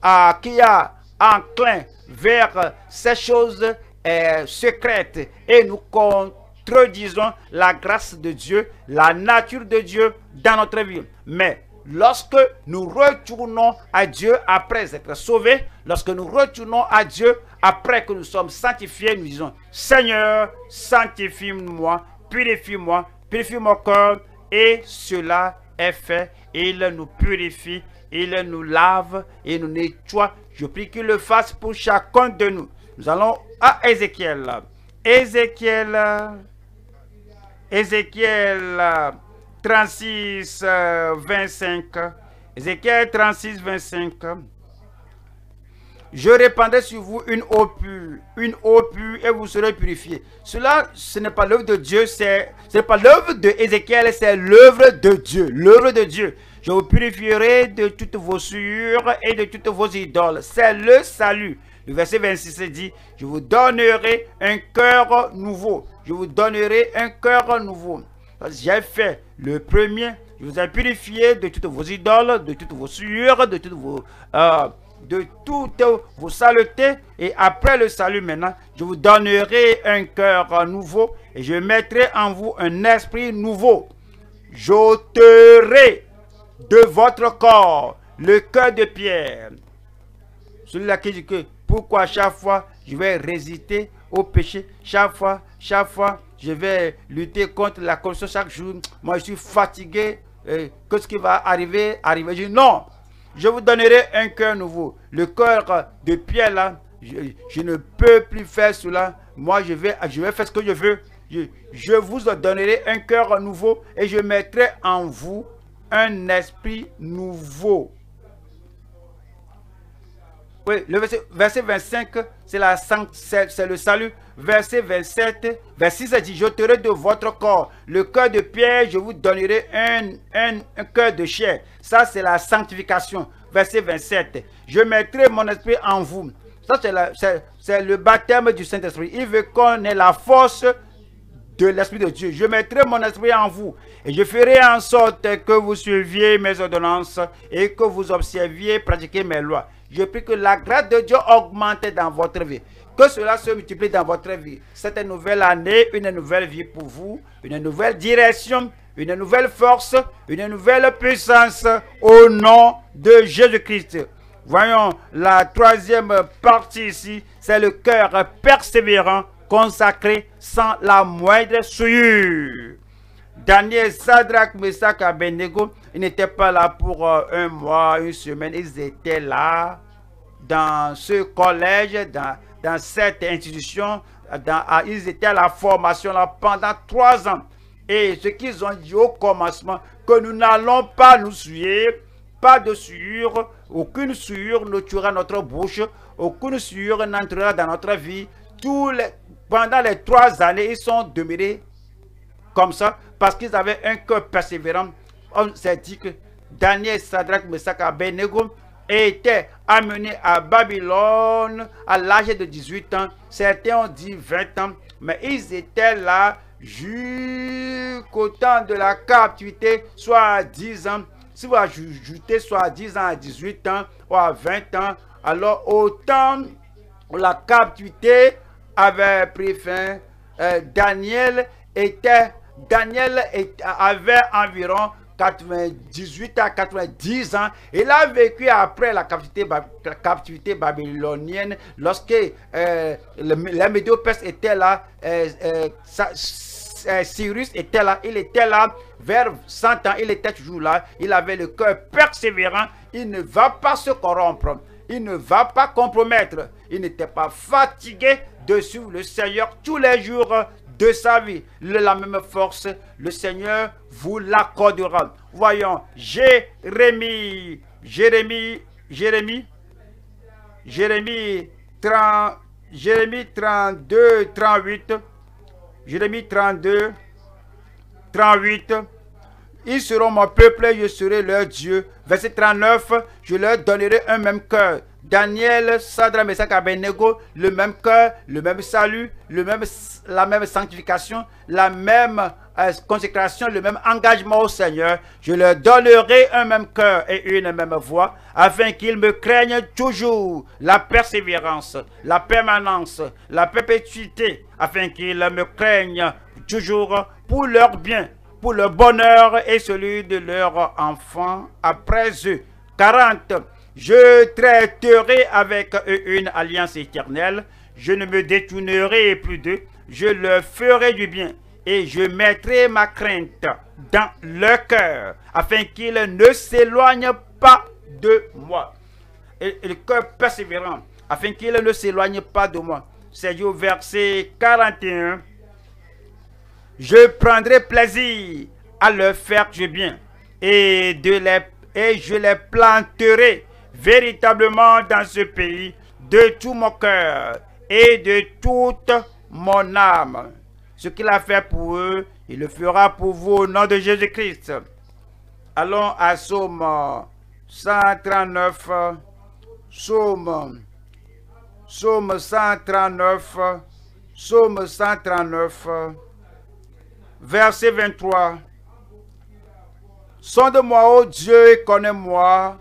à qui a enclin vers ces choses euh, secrètes. Et nous comptons traduisons la grâce de Dieu, la nature de Dieu dans notre vie. Mais lorsque nous retournons à Dieu après être sauvés, lorsque nous retournons à Dieu après que nous sommes sanctifiés, nous disons, Seigneur, sanctifie-moi, purifie-moi, purifie mon corps, et cela est fait. Il nous purifie, il nous lave, et nous nettoie. Je prie qu'il le fasse pour chacun de nous. Nous allons à Ézéchiel. Ézéchiel Ézéchiel 36, euh, 25. Euh, Ézéchiel 36, 25. Je répandrai sur vous une eau pure, une eau pure, et vous serez purifiés. Cela, ce n'est pas l'œuvre de Dieu, c'est, ce n'est pas l'œuvre de Ézéchiel, c'est l'œuvre de Dieu, l'œuvre de Dieu. Je vous purifierai de toutes vos souillures et de toutes vos idoles. C'est le salut. Le verset 26 dit, je vous donnerai un cœur nouveau je vous donnerai un cœur nouveau. J'ai fait le premier, je vous ai purifié de toutes vos idoles, de toutes vos sueurs, de toutes vos... Euh, de toutes vos saletés. Et après le salut maintenant, je vous donnerai un cœur nouveau et je mettrai en vous un esprit nouveau. J'ôterai de votre corps le cœur de pierre. Celui-là qui dit que pourquoi chaque fois je vais résister au péché, chaque fois chaque fois, je vais lutter contre la corruption chaque jour. Moi, je suis fatigué. Qu'est-ce qui va arriver Arriver. Je dis non, je vous donnerai un cœur nouveau. Le cœur de Pierre, là, je, ne peux plus faire cela. Moi, je vais, je vais faire ce que je veux. je vous donnerai un cœur nouveau et je mettrai en vous un esprit nouveau le verset, 25, c'est le salut. Verset 27, verset 6, dit, j'ôterai de votre corps le cœur de pierre, je vous donnerai un, un, cœur de chair. Ça, c'est la sanctification. Verset 27, je mettrai mon esprit en vous. Ça, c'est le baptême du Saint-Esprit. Il veut qu'on ait la force de l'Esprit de Dieu. Je mettrai mon esprit en vous et je ferai en sorte que vous suiviez mes ordonnances et que vous observiez, pratiquer mes lois. Je prie que la grâce de Dieu augmente dans votre vie. Que cela se multiplie dans votre vie. Cette nouvelle année, une nouvelle vie pour vous, une nouvelle direction, une nouvelle force, une nouvelle puissance au nom de Jésus-Christ. Voyons la troisième partie ici, c'est le cœur persévérant, consacré sans la moindre souillure. Daniel Sadrach, Messach, Abednego ils n'étaient pas là pour euh, un mois, une semaine. Ils étaient là dans ce collège, dans, dans cette institution. Dans, ils étaient à la formation là pendant trois ans. Et ce qu'ils ont dit au commencement, que nous n'allons pas nous suivre, pas de sueur, aucune sueur ne tuera notre bouche, aucune sueur n'entrera dans notre vie. Tous pendant les trois années, ils sont demeurés comme ça parce qu'ils avaient un cœur persévérant on s'est dit que Daniel, Sadrach, Messaka Abednego étaient amenés à Babylone à l'âge de 18 ans. Certains ont dit 20 ans, mais ils étaient là jusqu'au temps de la captivité, soit à 10 ans. Si vous ajoutez soit à 10 ans, à 18 ans ou à 20 ans, alors au temps la captivité avait pris fin, euh, Daniel était Daniel avait environ 98 à 90 ans. Il a vécu après la captivité, la captivité babylonienne, lorsque euh, la les était là, euh, euh, Cyrus était là, il était là vers 100 ans, il était toujours là, il avait le cœur persévérant, il ne va pas se corrompre, il ne va pas compromettre, il n'était pas fatigué de suivre le Seigneur tous les jours de sa vie. La même force, le Seigneur vous l'accordera. Voyons, Jérémie, Jérémie, Jérémie, Jérémie 30, Jérémie 32, 38, Jérémie 32, 38, ils seront mon peuple, je serai leur Dieu. Verset 39, je leur donnerai un même cœur Daniel, Sadra, Messac, Abednego, le même cœur, le même salut, le même, la même sanctification, la même euh, consécration, le même engagement au Seigneur. Je leur donnerai un même cœur et une même voix, afin qu'ils me craignent toujours la persévérance, la permanence, la perpétuité, afin qu'ils me craignent toujours pour leur bien, pour le bonheur et celui de leurs enfants après eux. 40. Je traiterai avec eux une alliance éternelle. Je ne me détournerai plus d'eux. Je leur ferai du bien et je mettrai ma crainte dans leur cœur afin qu'ils ne s'éloignent pas de moi. Et, le cœur persévérant afin qu'ils ne s'éloignent pas de moi. C'est au verset 41. Je prendrai plaisir à leur faire du bien et, de les, et je les planterai véritablement dans ce pays de tout mon cœur et de toute mon âme. Ce qu'il a fait pour eux, il le fera pour vous au nom de Jésus-Christ. Allons à Somme 139, Somme. Somme 139, Somme 139, verset 23. Sonde-moi, ô Dieu, et connais-moi,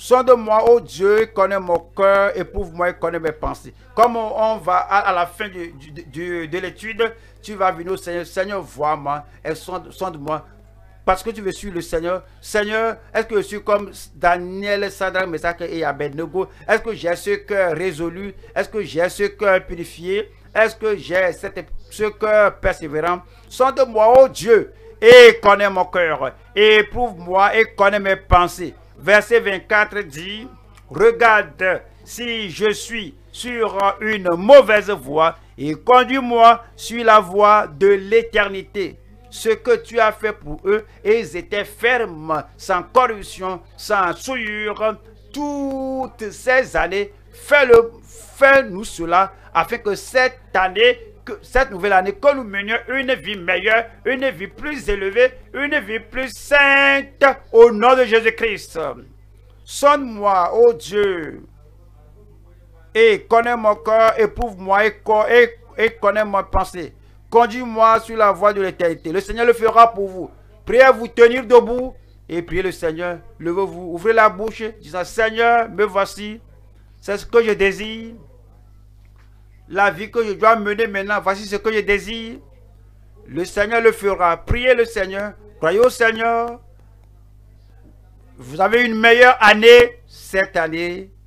Sonde-moi, oh Dieu, connais mon cœur, éprouve-moi et connais mes pensées. Comme on va à, la fin de l'étude, tu vas venir au Seigneur. Seigneur, vois-moi et de moi Parce que tu veux suivre le Seigneur. Seigneur, est-ce que je suis comme Daniel, Sadrach, Meshach et Abednego? Est-ce que j'ai ce cœur résolu? Est-ce que j'ai ce cœur purifié? Est-ce que j'ai ce cœur persévérant? Sonde-moi, oh Dieu, et connais mon cœur. Éprouve-moi et connais mes pensées verset 24 dit, Regarde si je suis sur une mauvaise voie et conduis-moi sur la voie de l'éternité. Ce que tu as fait pour eux, ils étaient fermes, sans corruption, sans souillure, toutes ces années. Fais-le, fais-nous cela afin que cette année, cette nouvelle année, que nous menions une vie meilleure, une vie plus élevée, une vie plus sainte, au nom de Jésus-Christ. Sonne-moi, ô Dieu, et connais mon cœur, éprouve-moi et, et connais ma pensée. Conduis-moi sur la voie de l'éternité. Le Seigneur le fera pour vous. Priez à vous tenir debout et priez le Seigneur. Levez-vous, ouvrez la bouche, disant Seigneur, me voici. C'est ce que je désire la vie que je dois mener maintenant, voici ce que je désire. Le Seigneur le fera. Priez le Seigneur. Croyez au Seigneur. Vous avez une meilleure année cette année